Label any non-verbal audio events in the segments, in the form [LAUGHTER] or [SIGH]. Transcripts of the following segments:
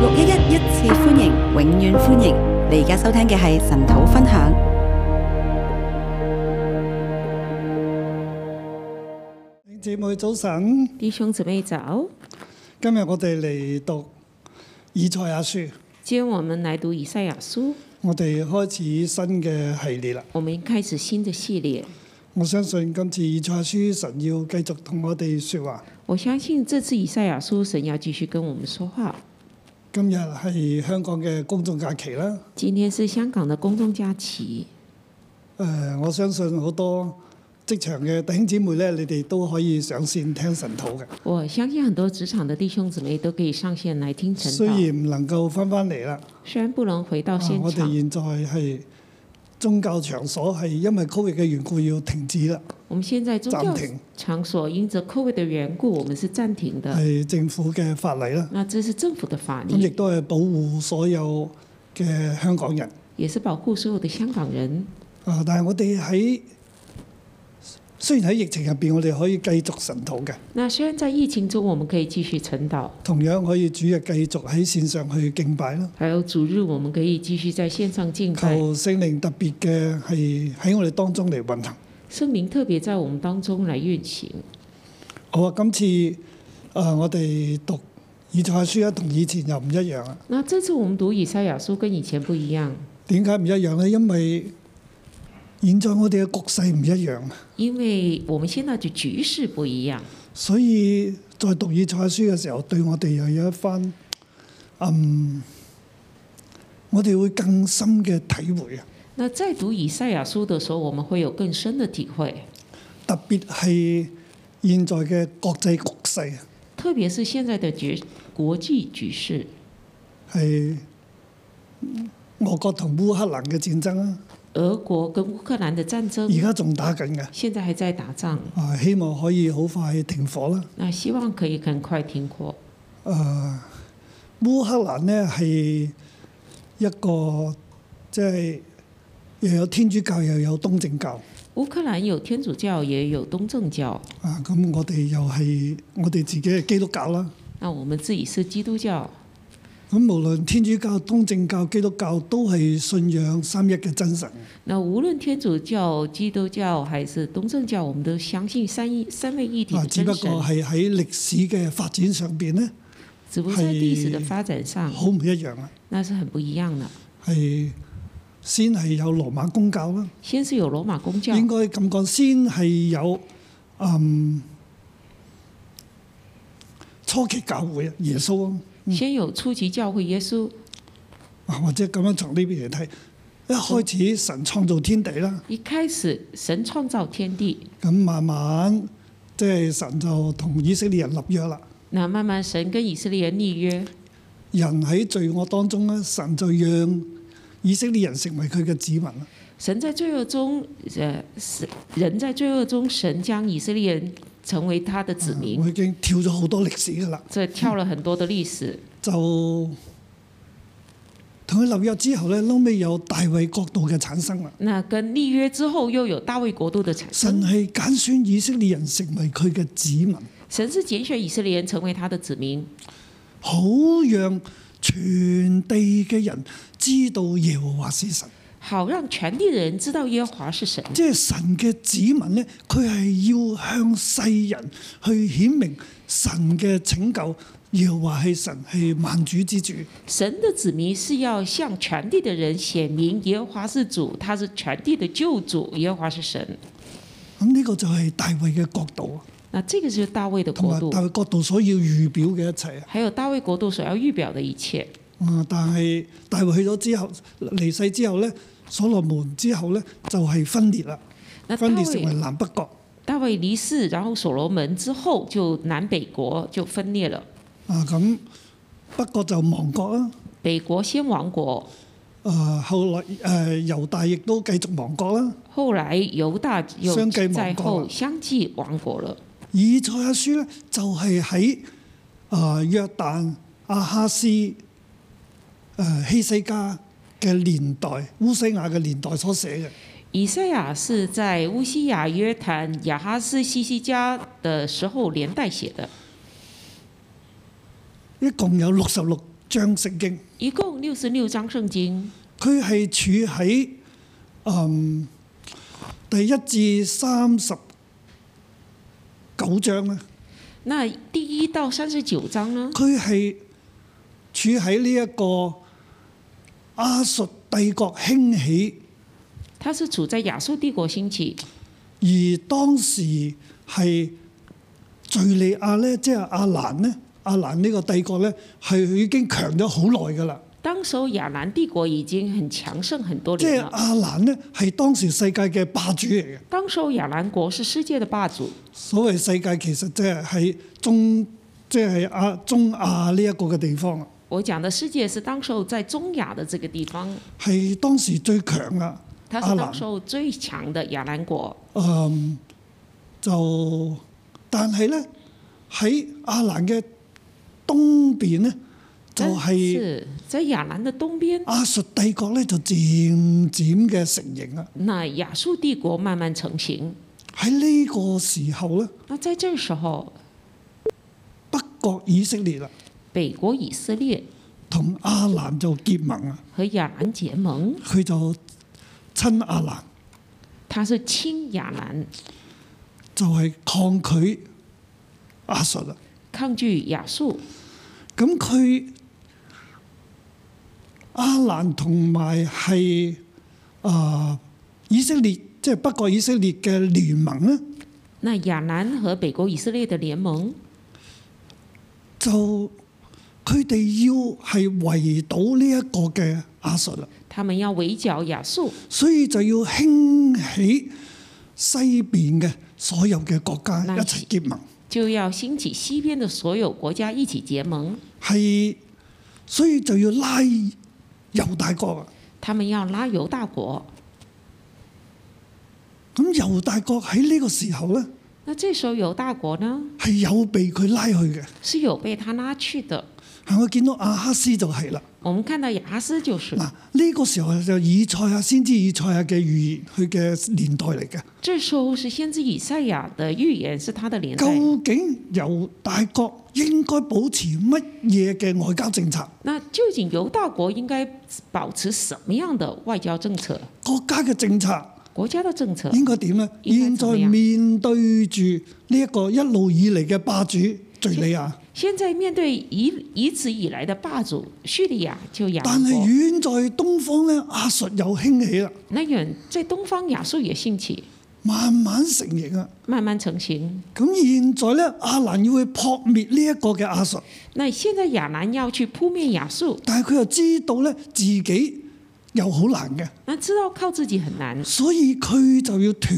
六一一一次歡迎，永遠歡迎！你而家收聽嘅係神土分享。姐妹早晨，啲弟兄走，今日我哋嚟讀以賽亞書。今天我們來讀以賽亞書。我哋開始新嘅系列啦。我們開始新的系列。我相信今次以賽亞書神要繼續同我哋說話。我相信這次以賽亞書神要繼續跟我們說話。今日係香港嘅公眾假期啦。今天是香港的公眾假期。誒、呃，我相信好多職場嘅弟兄姊妹咧，你哋都可以上線聽神道嘅。我相信很多職場的弟兄姊妹都可以上線來聽神道。雖然唔能夠翻翻嚟啦。雖然不能回到現場。啊、我哋現在係。宗教場所係因為 COVID 嘅緣故要停止啦。我們現在宗教場所因着 COVID 嘅緣故，我們是暫停的。係政府嘅法例啦。嗱，這是政府嘅法例。咁亦都係保護所有嘅香港人。也是保護所有的香港人。啊！但係我哋喺雖然喺疫情入邊，我哋可以繼續晨禱嘅。那雖然在疫情中，我們可以繼續晨禱。同樣可以主日繼續喺線上去敬拜咯。還有主日，我們可以繼續在線上敬拜。求聖靈特別嘅係喺我哋當中嚟運行。聖靈特別在我們當中嚟運行。好啊，今次啊、呃，我哋讀以賽亞書啊，同以前又唔一樣啊。那這次我們讀以賽亞書，跟以前唔一樣。點解唔一樣咧？因為現在我哋嘅局勢唔一樣啊！因為我們現在嘅局勢唔一樣，所以在讀以賽亞書嘅時候，對我哋又有一番嗯，我哋會更深嘅體會啊！那在讀以賽亞書嘅時候，我們會有更深嘅體會，特別係現在嘅國際局勢啊！特別是現在嘅局國際局勢係俄國同烏克蘭嘅戰爭啊！俄國跟烏克蘭嘅戰爭而家仲打緊㗎，現在還在打仗。啊，希望可以好快停火啦。那希望可以很快停火。啊、呃，烏克蘭呢係一個即係、就是、又有天主教又有東正教。烏克蘭有天主教也有東正教。啊，咁我哋又係我哋自己嘅基督教啦。那我們自己是基督教。咁無論天主教、東正教、基督教都係信仰三一嘅真神。那無論天主教、基督教還是東正教，我們都相信三一三位一體。啊，只不過係喺歷史嘅發展上邊咧，只不過喺歷史嘅發展上好唔一樣啊！那是很不一樣嘅。係先係有羅馬公教啦，先是有羅馬公教。應該咁講，先係有嗯初期教會耶穌啊。先有初期教會耶穌、嗯，或者咁樣從呢邊嚟睇，一開始神創造天地啦。一開始神創造天地，咁慢慢即係神就同以色列人立約啦。那慢慢神跟以色列人立約，人喺罪惡當中咧，神就讓以色列人成為佢嘅子民啦。神在罪惡中，誒，神人在罪惡中，神將以色列人。成為他的子民，啊、我已經跳咗好多歷史噶啦，即係跳了很多的歷史，嗯、就同佢立約之後呢，都未有大衛國度嘅產生啦。那跟立約之後又有大衛國度的產生，神係揀選以色列人成為佢嘅子民，神是揀選以色列人成為他的子民，好讓全地嘅人知道耶和華是神。好讓全地的人知道耶和華是神。即係神嘅子民咧，佢係要向世人去顯明神嘅拯救，耶和華係神，係萬主之主。神嘅子民是要向全地嘅人顯明耶和華是主，他是全地嘅救主，耶和華是神。咁呢個就係大衛嘅國度。嗱，呢個就係大衛嘅國度，大衛國度所要預表嘅一切。還有大衛國度所要預表嘅一切。啊、呃！但係大衛去咗之後，離世之後咧，所羅門之後咧就係、是、分裂啦，分裂成為南北國。大衛、大衛離世，然後所羅門之後就南北國就分裂了。啊咁，北國就亡國啦，北國先亡國。啊、呃，後來誒、呃、猶大亦都繼續亡國啦。後來猶大又亡後，大又後相繼亡國了。以賽亞書咧就係喺啊約旦、阿哈斯。誒希西家嘅年代，烏西亞嘅年代所寫嘅。以西亞是在烏西亞，約談，亞哈斯，希西家嘅時候年代寫嘅。一共有六十六章聖經。一共六十六章聖經。佢係處喺誒、嗯、第一至三十九章咧。那第一到三十九章呢？佢係處喺呢一個。亞述帝國興起，他是處在亞述帝國興起，而當時係敍利亞咧，即係阿蘭咧，阿蘭呢個帝國咧係已經強咗好耐噶啦。當時候亞蘭帝國已經很強盛很多年。即係阿蘭呢，係當時世界嘅霸主嚟嘅。當時候亞蘭國是世界嘅霸主。所謂世界其實即係喺中，即係亞中亞呢一個嘅地方。我講的世界是當時候在中亞的這個地方，係當時最強啊！佢係當時候最強的亞蘭國。嗯，就但係呢，喺亞蘭嘅東邊呢，就係、是、在亞蘭的東邊，亞述帝國呢，就漸漸嘅成型啦。那亞述帝國慢慢成型喺呢個時候呢，那在這時候，北國以色列啦。北國以色列同阿蘭就結盟啊，和亞蘭結盟，佢就親阿蘭，他是親亞蘭，就係、是、抗拒亞述啊，抗拒亞述。咁佢阿蘭同埋係啊以色列，即、就、係、是、北國以色列嘅聯盟啦。那亞蘭和北國以色列的聯盟就，佢哋要係圍堵呢一個嘅亞述啦，他們要圍剿亞述，所以就要興起西邊嘅所有嘅國家一齊結盟，就要興起西邊嘅所有國家一起結盟。係，所以就要拉猶大國啊，他們要拉猶大國。咁猶大國喺呢個時候咧，那這時候猶大國呢，係有被佢拉去嘅，是有被他拉去嘅。係我見到亞哈斯就係啦。我們看到亞哈斯就是。嗱，呢個時候就是以賽亞先知以賽亞嘅預言，佢嘅年代嚟嘅。這時候是先知以賽亞嘅預言，是他的年代。究竟猶大國應該保持乜嘢嘅外交政策？那究竟猶大國應該保持什麼樣的外交政策？國家嘅政策。國家嘅政策應該點咧？現在面對住呢一個一路以嚟嘅霸主敍利亞。現在面對以一直以，以來的霸主敘利亞就亞但係遠在東方咧，亞述又興起啦。遠在東方，亞述也興起，慢慢成形啊，慢慢成型。咁現在咧，亞蘭要去撲滅呢一個嘅亞述。那現在亞蘭要去撲滅亞述，但係佢又知道咧，自己又好難嘅。那知道靠自己很難，所以佢就要團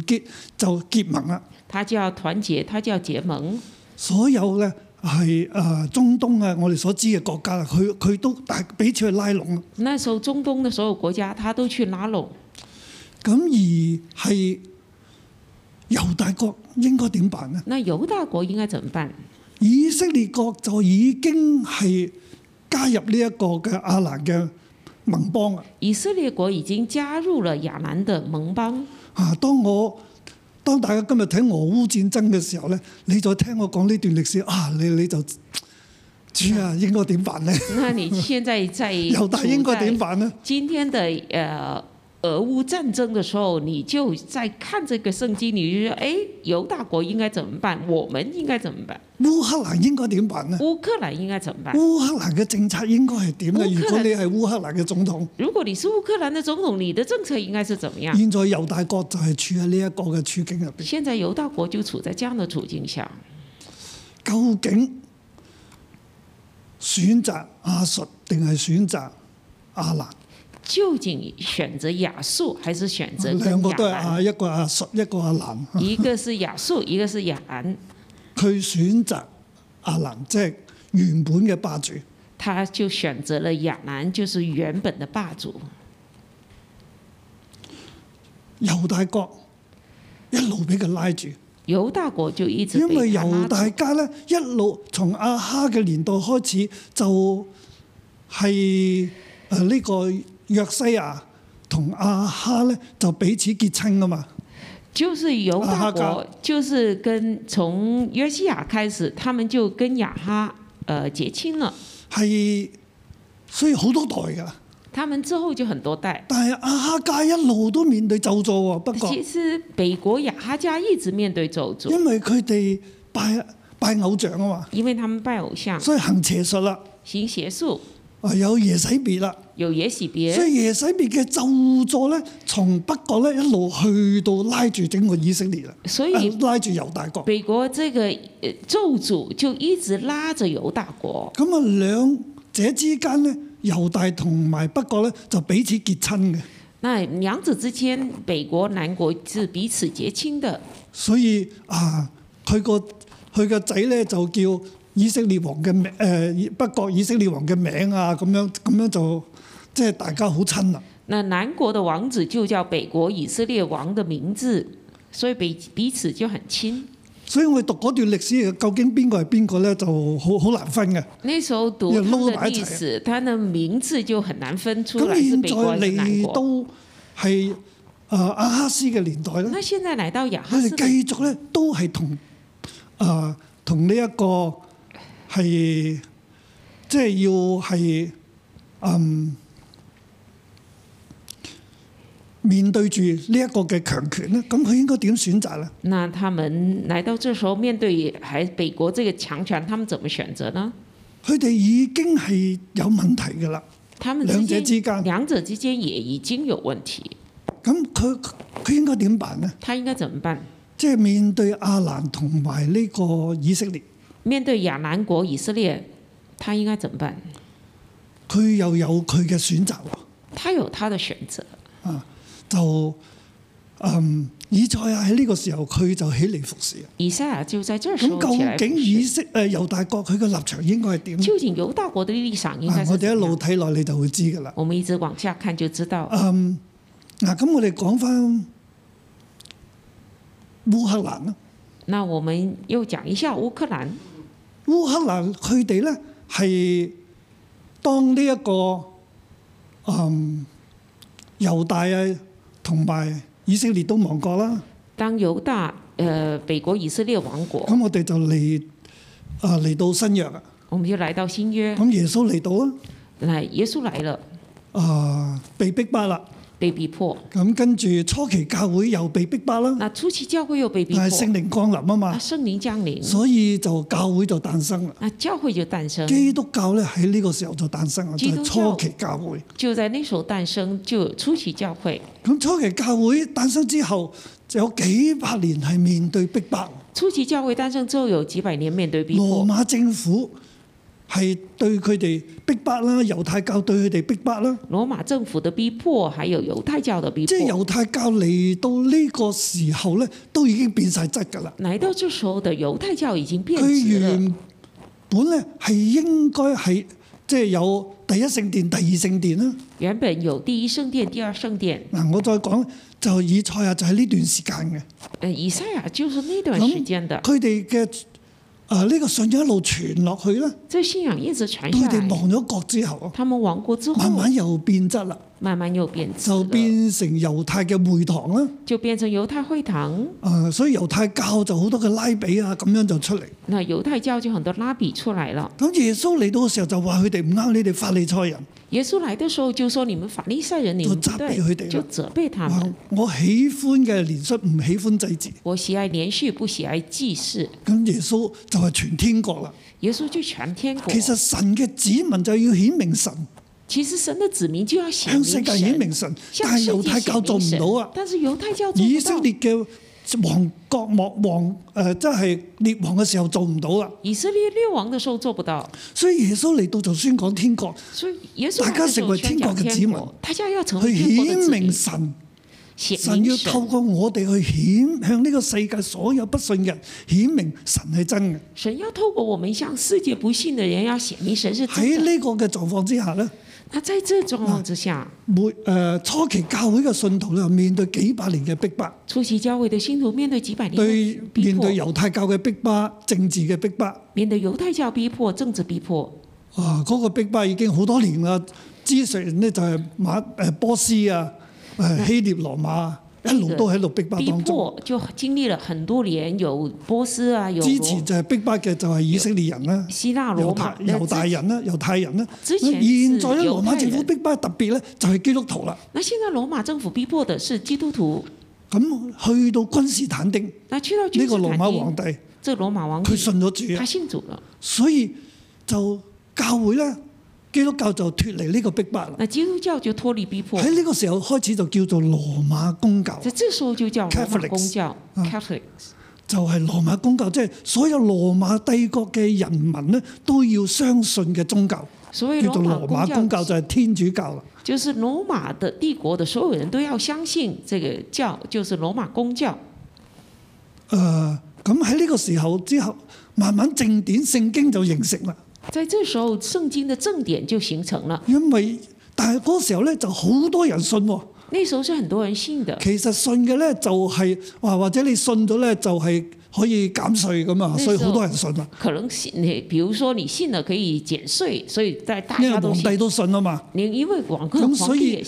結，就結盟啦。他就要團結，他就要結盟，所有咧。係誒、呃，中東啊，我哋所知嘅國家，佢佢都大彼此去拉攏。那時候，中東嘅所有國家，他都去拉攏。咁而係猶大國應該點辦咧？那猶大國應該怎麼辦？以色列國就已經係加入呢一個嘅亞蘭嘅盟邦。以色列國已經加入了亞蘭嘅盟邦。啊，當我。當大家今日睇俄烏戰爭嘅時候咧，你再聽我講呢段歷史啊，你你就知啦，應該點辦咧？那你現在在又 [LAUGHS] 大應該點辦呢？今天的誒。呃俄烏戰爭的時候，你就在看這個聖經，你就說：誒，猶大國應該怎麼辦？我們應該怎麼辦？烏克蘭應該點辦呢？烏克蘭應該怎麼辦？烏克蘭嘅政策應該係點呢？如果你係烏克蘭嘅總統，如果你是烏克蘭嘅總，總統，你的政策應該是怎麼樣？現在猶大國就係處喺呢一個嘅處境入邊。現在猶大國就處在這樣的處境下，究竟選擇阿述定係選擇阿蘭？究竟選擇亞述還是選擇亞蘭？兩個都係啊，一個亞述，一個亞蘭。一個是亞述，一個是亞蘭。佢 [LAUGHS] 選擇亞蘭，即係原本嘅霸主。他就選擇了亞蘭，就是原本嘅霸主。猶大國一路俾佢拉住。猶大國就一直拉住，因為猶大家咧，一路從亞哈嘅年代開始就係誒呢個。約西亞同亞哈咧就彼此結親噶嘛？就是猶大國，就是跟從約西亞開始，他們就跟亞哈，呃結親了。係，所以好多代噶。他們之後就很多代。但係亞哈家一路都面對咒詛喎，不過。其實北國亞哈家一直面對咒詛，因為佢哋拜拜偶像啊嘛。因為他們拜偶像，所以行邪術啦，行邪術。啊！有耶洗別啦，有耶洗別，所以耶洗別嘅咒助咧，從北國咧一路去到拉住整個以色列啦，所以啊，拉住猶大國。北國這個咒主就一直拉着猶大國。咁啊，兩者之間咧，猶大同埋北國咧就彼此結親嘅。那兩者之間，北國南國是彼此結親嘅。所以啊，佢個佢個仔咧就叫以色列王嘅名，誒北國以色列王嘅名啊，咁樣咁樣就即係大家好親啦。嗱南國嘅王子就叫北國以色列王嘅名字，所以彼彼此就很親。所以我哋讀嗰段歷史，究竟邊個係邊個咧，就好好難分嘅。嗰時候讀嘅歷史，佢嘅名字就很難分出嚟。咁現在嚟到係阿哈斯嘅年代咧，那現在嚟到亞哈斯，佢哋繼續咧都係同啊同呢一個。係即係要係嗯面對住呢一個嘅強權咧，咁佢應該點選擇咧？那他們嚟到這時候面對喺北國這個強權，他們怎麼選擇呢？佢哋已經係有問題噶啦，他們兩者之間兩者之間也已經有問題。咁佢佢應該點辦咧？他應該怎麼辦？即係面對阿蘭同埋呢個以色列。面對亞蘭國以色列，他應該怎麼辦？佢又有佢嘅選擇喎。他有他的選擇。啊，就嗯，以賽亞喺呢個時候佢就起嚟服侍。以賽亞就喺呢個時候，咁究竟以色列誒猶大國佢嘅立場應該係點？究竟猶大國的立場應該？嗱、啊，我哋一路睇落你就會知噶啦。我們一直往下看，就知道。嗯，嗱，咁我哋講翻烏克蘭啊。那我們，講，那我們又講一下烏克蘭。烏克蘭佢哋咧係當呢一個嗯猶大啊，同埋以色列都亡國啦。當猶大誒北國以色列亡國。咁我哋就嚟啊嚟到新約啊。我哋要嚟到新約。咁耶穌嚟到啊？係耶穌嚟喇。啊，被逼巴啦。被逼迫，咁跟住初期教會又被逼迫啦。嗱，初期教會又被逼迫。但係聖靈降臨啊嘛。聖靈降臨。所以就教會就誕生啦。啊，教會就誕生。基督教咧喺呢個時候就誕生啦，就係初期教會。就在呢時候誕生，就初期教會。咁初期教會誕生之後，就有幾百年係面對逼迫。初期教會誕生之後有幾百年面對逼迫。羅馬政府。係對佢哋逼迫啦，猶太教對佢哋逼迫啦。羅馬政府的逼迫，還有猶太教的逼迫。即係猶太教嚟到呢個時候咧，都已經變晒質㗎啦。嚟到這時候的猶太教已經變質啦。佢原本咧係應該係即係有第一聖殿、第二聖殿啦。原本有第一聖殿、第二聖殿。嗱，我再講就以賽亞就係呢段時間嘅。誒，以賽亞就係呢段時間嘅。佢哋嘅。啊！呢個信仰一路傳落去啦。即係信仰一直傳，佢哋亡咗國之後，慢慢又變質啦，慢慢又變質，就變成猶太嘅會堂啦，就變成猶太會堂。啊！所以猶太教就好多嘅拉比啊，咁樣就出嚟。那猶太教就很多拉比出嚟啦。咁耶穌嚟到嘅時候就話：佢哋唔啱，你哋法利賽人。耶穌來的時候就說：你們法利賽人，你們就責備佢哋，就責備他們。我喜歡嘅憐恤，唔喜歡祭祀，我喜愛憐恤不喜愛祭祀。咁耶穌就係全天國啦。耶穌就全天國。其實神嘅子民就要顯明神。其實神的子民就要顯明神，向世界顯明神，但係猶太教做唔到啊。但是猶太教，猶太教以色列嘅。王國亡，王誒、呃、真係滅亡嘅時候做唔到啦。以色列滅亡嘅時候做不到。所以耶穌嚟到就宣講天國，大家成為天國嘅子民，大家要去顯明神，神，神要透過我哋去顯向呢個世界所有不信嘅人顯明神係真嘅。神要透過我們向世界不信嘅人要顯明神係喺呢個嘅狀況之下咧。他佢喺這種狀況之下、呃，初期教會嘅信徒面對幾百年嘅逼迫。初期教會嘅信徒面對幾百年對面對猶太教嘅逼迫，政治嘅逼迫。面對猶太教逼迫、政治逼迫。啊、哦，嗰、那個逼迫已經好多年啦，支持人呢就係馬誒、呃、波斯啊、誒希臘、羅馬。一路都喺度逼迫，就經歷了很多年，有波斯啊，有之前就係逼迫嘅就係以色列人啦、啊，希臘、羅馬人，猶大人啦、啊，猶太人啦。之前有。現在咧，羅馬政府逼迫特別咧，就係基督徒啦。那現在羅馬政府逼迫的是基督徒。咁去到君士坦丁，那呢、這個羅馬皇帝，這羅馬皇帝佢信咗主、啊，他信主了，所以就教會咧。基督教就脫離呢個逼迫。嗱，基督教就脫離逼迫。喺呢個時候開始就叫做羅馬公教。喺呢個時候就叫羅馬公教。Catholics 就係羅馬公教，即係所有羅馬帝國嘅人民呢，都要相信嘅宗教，所以叫做羅馬公教就係天主教啦。就是羅馬的帝國嘅所有人都要相信這個教，就是羅馬公教。誒、就是，咁喺呢個時候之後，慢慢正典聖經就形成啦。在這時候，聖經的正典就形成了。因為，但係嗰時候咧就好多人信喎、哦。那時候是很多人信的。其實信嘅咧就係、話，或或者你信咗咧就係可以減稅咁啊，所以好多人信啦。可能你，比如說你信咗可以減稅，所以在大家皇帝都信啊嘛，你因為皇咁，所以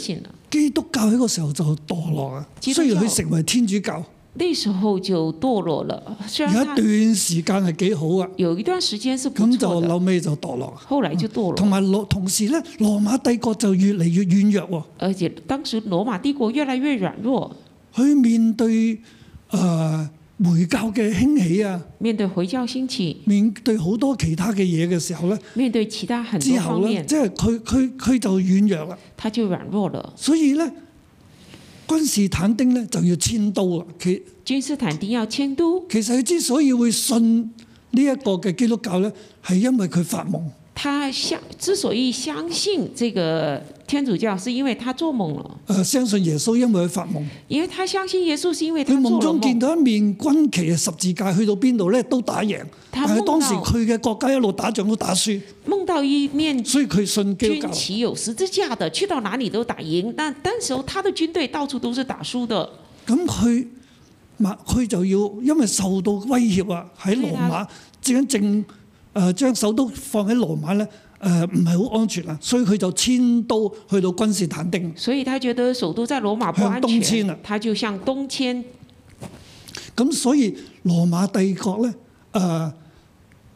基督教喺嗰時候就墮落啊，雖然佢成為天主教。那時候就墮落了，有一段時間係幾好啊，有一段時間是咁就後尾就墮落，後來就墮落了，同埋同時咧，羅馬帝國就越嚟越軟弱。而且當時羅馬帝國越來越軟弱，佢面對誒、呃、回教嘅興起啊，面對回教興起，面對好多其他嘅嘢嘅時候咧，面對其他很多方面，後呢即係佢佢佢就軟弱啦，他就軟弱，了就軟弱了，所以咧。君士坦丁呢就要遷都喇，佢君士坦丁要遷都。其實佢之所以會信呢一個嘅基督教咧，係因為佢發夢。他相之所以相信這個天主教，是因為他做夢了。誒、呃，相信耶穌，因為佢發夢，因為他相信耶穌，是因為他做夢。佢夢中見到一面軍旗十字架，去到邊度咧都打贏。但係當時佢嘅國家一路打仗都打輸，夢到一面。所以佢信基督教。軍旗有十字架的，去到哪裡都打贏，但但時候他的軍隊到處都是打輸的。咁佢，嘛佢就要因為受到威脅啊，喺羅馬正正。誒將首都放喺羅馬咧，誒唔係好安全啊，所以佢就遷都去到君士坦丁。所以他覺得首都在羅馬不安全。向東遷啦，他就向東遷。咁所以羅馬帝國咧，誒、呃、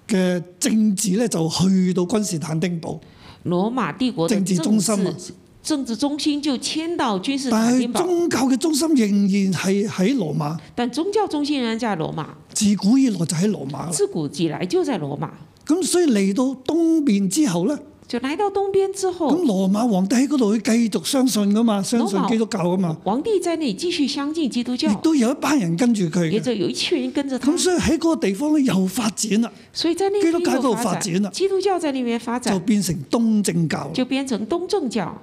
嘅政治咧就去到君士坦丁堡。羅馬帝國政治，政治中心、啊，政治中心就遷到君士坦丁堡。但係宗教嘅中心仍然係喺羅馬。但宗教中心仍然喺羅馬。自古以來就喺羅馬。自古以來就在羅馬。咁所以嚟到東邊之後咧，就嚟到東邊之後，咁羅馬皇帝喺嗰度會繼續相信噶嘛，相信基督教噶嘛，皇帝喺度繼續相信基督教，亦都有一班人跟住佢，亦就有一群人跟住佢。咁所以喺嗰個地方咧又發展啦，所以喺呢個基督教度發展啦，基督教喺呢邊發展，就變成東正教，就變成東正教，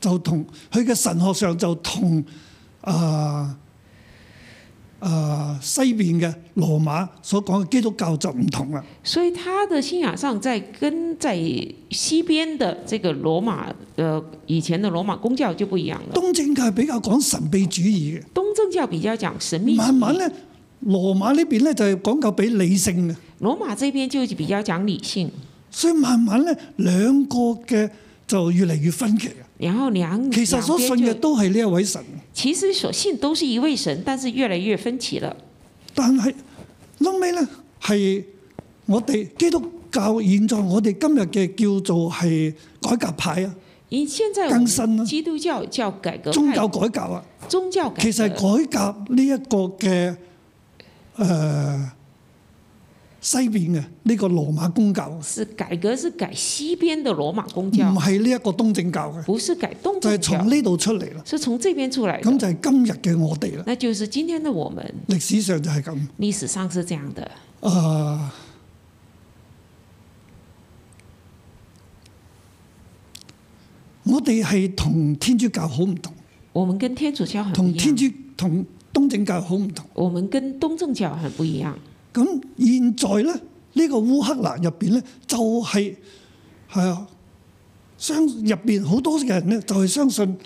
就同佢嘅神學上就同啊。呃誒西邊嘅羅馬所講嘅基督教就唔同啦，所以佢嘅信仰上在跟在西邊嘅這個羅馬，誒以前嘅羅馬公教就不一樣啦。東正教比較講神秘主義嘅，東正教比較講神秘。慢慢咧，羅馬呢邊咧就係講究比理性嘅，羅馬呢邊就比較講理性，所以慢慢咧兩個嘅就越嚟越分歧。然後兩，其實所信嘅都係呢一位神。其實所信都係一位神，但係越來越分歧啦。但係，落尾咧係我哋基督教現在我哋今日嘅叫做係改革派啊，而現在更新啦。基督教叫改革，宗教改革啊，宗教改革其實改革呢一個嘅，誒、呃。西邊嘅呢個羅馬公教，是改革，是改西邊的羅馬公教，唔係呢一個東正教嘅，不是改東正教，就係從呢度出嚟咯，是從這邊出來，咁就係今日嘅我哋啦，那就是今天的我們，歷史上就係咁，歷史上是這樣的，誒、uh,，我哋係同天主教好唔同，我們跟天主教很同天主同東正教好唔同，我們跟東正教很不一樣咁現在咧，呢、這個烏克蘭入邊咧，就係、是、係啊，相入邊好多嘅人咧，就係、是、相信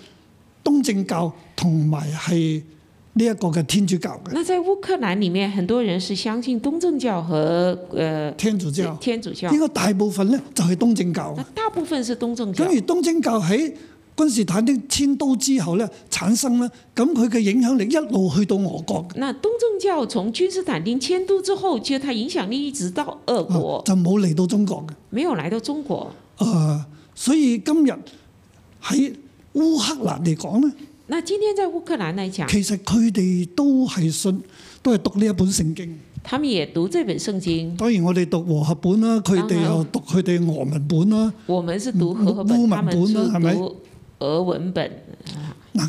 東正教同埋係呢一個嘅天主教嘅。那在烏克蘭裡面，很多人是相信東正教和誒、呃、天主教。天主教。應、這、該、個、大部分咧就係、是、東正教。大部分是東正教。咁而東正教喺。君士坦丁遷都之後咧，產生咧，咁佢嘅影響力一路去到俄國。那東正教從君士坦丁遷都之後，其實佢影響力一直到俄國。啊、就冇嚟到中國嘅。沒有嚟到中國。誒、啊，所以今日喺烏克蘭嚟講咧。嗱，今天在烏克蘭嚟講，其實佢哋都係信，都係讀呢一本聖經。他們也讀這本聖經。當然我哋讀和合本啦、啊，佢哋又讀佢哋俄文本啦、啊嗯嗯嗯啊。我們是讀和合本，文本啊、他們讀是俄文本嗱，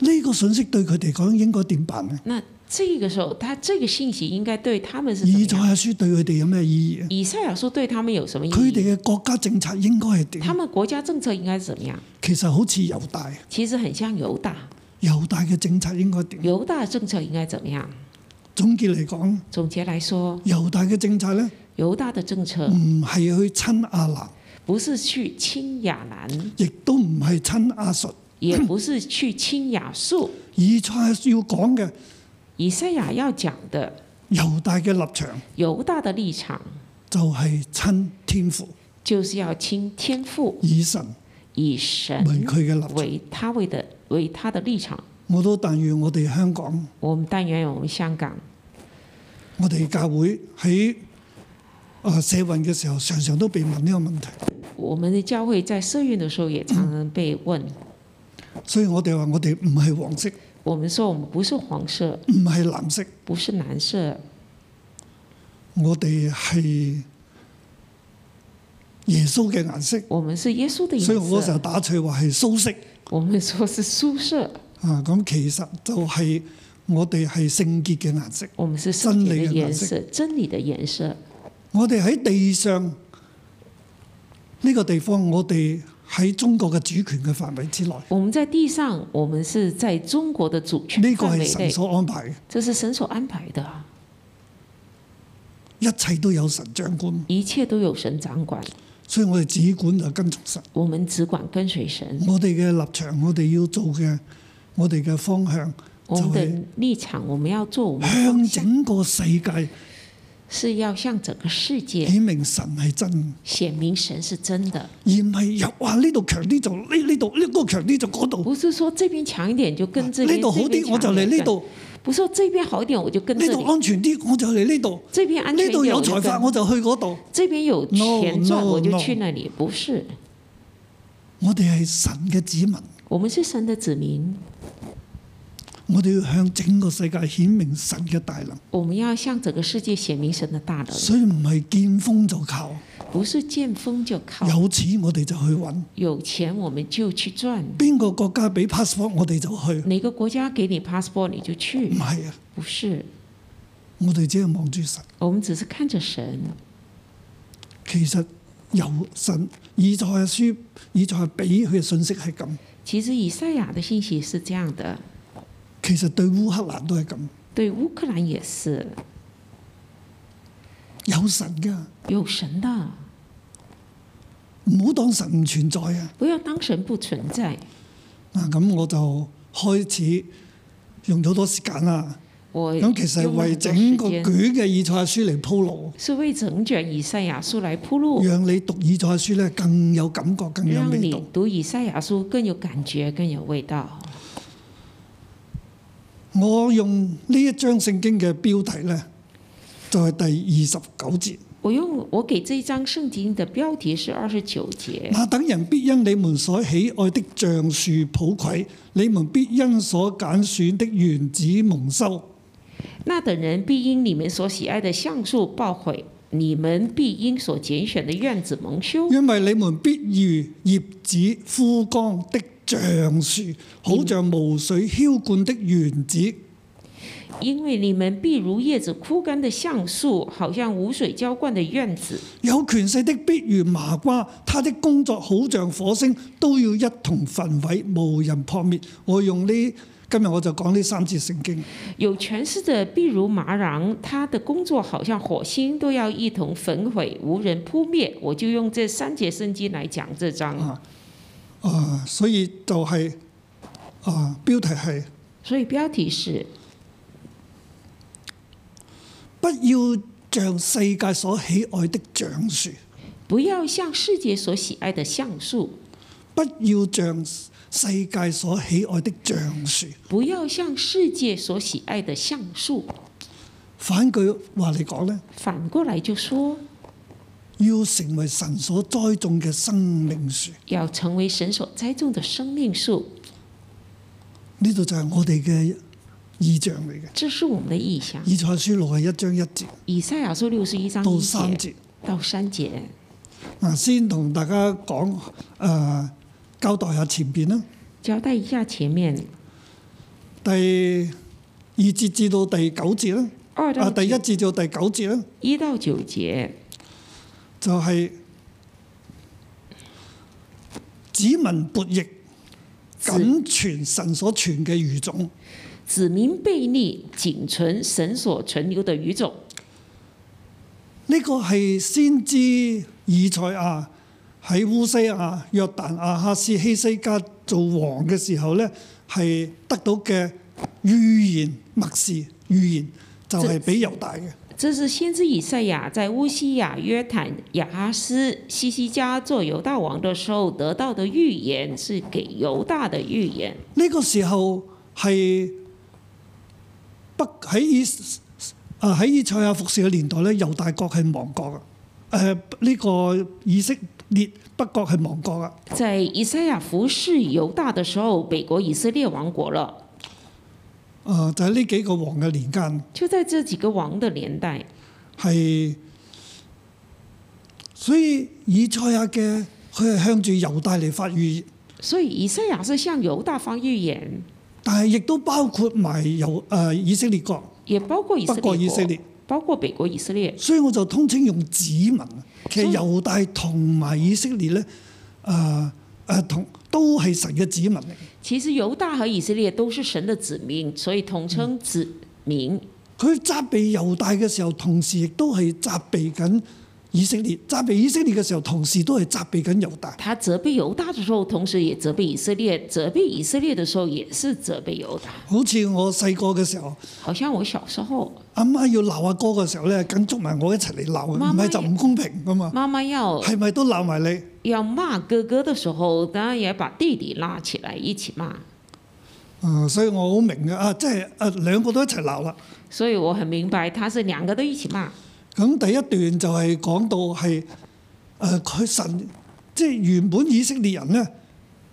呢個信息對佢哋講應該點辦呢？那這個時候，他這個信息應該對他們是？以賽亞書對佢哋有咩意義啊？以賽亞書對他們有什麼意義？佢哋嘅國家政策應該係點？他們國家政策應該是怎麼樣？其實好似猶大，其實很像猶大。猶大嘅政策應該點？猶大嘅政策應該怎麼樣？總結嚟講，總結嚟說，猶大嘅政策咧，猶大的政策唔係去親阿蘭。不是去親亞蘭，亦都唔係親亞述，也不是去親亞述。以賽亞要講嘅，以賽亞要講嘅，猶大嘅立場，猶大嘅立場就係、是、親天父，就是要親天父，以神以神為佢嘅立場，為他為的為他的立場。我都但願我哋香港，我們但願我們香港，我哋教會喺。啊！社運嘅時候，常常都被問呢個問題。我們的教會在社運嘅時候也常常被問。 [COUGHS] 所以我哋話：我哋唔係黃色。我哋說我們不是黃色，唔係藍色，不是藍色。我哋係耶穌嘅顏色。我們是耶穌的顏色。所以我時候打趣話係蘇色。我們說是蘇色。啊，咁其實就係我哋係聖潔嘅顏色。我們是聖潔嘅顏色，真理嘅顏色，真理的顏色。我哋喺地上呢個地方，我哋喺中國嘅主權嘅範圍之內。我們在地上，這個、地我們是在中國的主權範圍內。呢個係神所安排嘅。這是神所安排的。一切都有神掌管。一切都有神掌管。所以我哋只管就是、跟從神。我們只管跟隨神。我哋嘅立場，我哋要做嘅，我哋嘅方向。我們的立場，我們要做。向，向整個世界。是要向整個世界顯明神係真，顯明神是真的，而唔係又話，呢度強啲就呢，呢度呢個強啲就嗰度。不是說這邊強一點就跟這邊，呢度好啲我就嚟呢度。不是說這邊好點我就跟，呢度安全啲我就嚟呢度，這邊安全，呢度有財發我就去嗰度，呢度有錢賺我就去那裏。不是，我哋係神嘅子民，我們是神的子民。我哋要向整個世界顯明神嘅大能。我們要向整個世界顯明神嘅大能。所以唔係見風就靠。不是見風就靠。有錢我哋就去揾。有錢我們就去賺。邊個國家俾 passport 我哋就去。哪個國家給你 passport 你就去。唔係啊。唔係。我哋只係望住神。我們只是看着神。其實有神以賽亞書以賽亞俾佢嘅信息係咁。其實以賽亞嘅信息係咁樣。其實對烏克蘭都係咁。對烏克蘭也是，有神噶。有神的，唔好當神唔存在啊！不要當神不存在。啊，咁我就開始用咗好多時間啦。我咁其實為整個卷嘅以賽書嚟鋪路。是為整隻以賽亞書嚟鋪路。讓你讀以賽書咧，更有感覺，更有味道。讀以賽亞書更有感覺，更有味道。我用呢一章聖經嘅標題咧，就係、是、第二十九節。我用我給這一章聖經的標題是二十九節。那等人必因你們所喜愛的橡樹抱愧，你們必因所揀選的園子蒙羞。那等人必因你們所喜愛的橡樹抱愧，你們必因所揀選的園子蒙羞。因為你們必如葉子枯乾的橡樹好像無水澆灌的院子，因為你們必如葉子枯乾的橡樹，好像無水澆灌的院子。有權勢的必如麻瓜，他的工作好像火星，都要一同焚毀，無人撲滅。我用呢今日我就講呢三節聖經。有權勢的必如麻瓤，他的工作好像火星，都要一同焚毀，無人撲滅。我就用這三節聖經來講這章。啊，所以就係、是、啊，標題係。所以標題是不要像世界所喜愛的橡樹。不要像世界所喜愛的橡樹。不要像世界所喜愛的橡樹。不要像世界所喜愛的橡樹。反句話嚟講咧。反過來就說。要成為神所栽種嘅生命樹，要成為神所栽種嘅生命樹，呢度就係我哋嘅意象嚟嘅。這是我們的意象。以賽亞書六十一章一節。以賽亞書六十一章到三節，到三節。啊，先同大家講，誒、呃，交代下前邊啦。交代一下前面，第二節至到第九節啦。啊，第一節到第九節啦。一到九節。就係子民撥役，僅存神所存嘅魚種；子民被立，僅存神所存留的魚種。呢、這個係先知以賽亞喺烏西亞、約旦、亞哈斯希西家做王嘅時候咧，係得到嘅預言，默示預言就係俾猶大嘅。這是先知以賽亞在烏西亞約坦亞哈斯西西家做猶大王的時候得到的預言，是給猶大的預言的。呢、這個時候係北喺以啊喺以賽亞服侍嘅年代咧，猶大國係亡國啊。誒、呃、呢、這個以色列北國係亡國啊。在以賽亞服侍猶大的時候，北國以色列亡國了。誒就喺呢幾個王嘅年間，就喺這幾個王嘅年代，係所以以賽亞嘅佢係向住猶大嚟發預，所以以賽亞是向猶大方預言，但係亦都包括埋猶誒以色列國，也包括以色列國，不過以色列包括北國以色列，所以我就通稱用子民，其實猶大同埋以色列咧，誒誒、啊啊、同都係神嘅子民嚟。其實猶大和以色列都是神的子民，所以統稱子民。佢、嗯、責備猶大嘅時候，同時亦都係責備緊以色列；責備以色列嘅時候，同時都係責備緊猶大。他責備猶大的時候，同時也責備以色列；責備以色列的時候，也是責備猶大。好似我細個嘅時候，好像我小時候，阿媽要鬧阿哥嘅時候咧，梗捉埋我一齊嚟鬧，唔係就唔公平㗎嘛。媽媽又係咪都鬧埋你？要罵哥哥的時候，佢哋也把弟弟拉起來一起罵。啊，所以我好明嘅啊，即係啊兩個都一齊鬧啦。所以我很明白，他、啊、是兩、啊、個都一起罵。咁第一段就係講到係，誒、呃、佢神即係原本以色列人咧，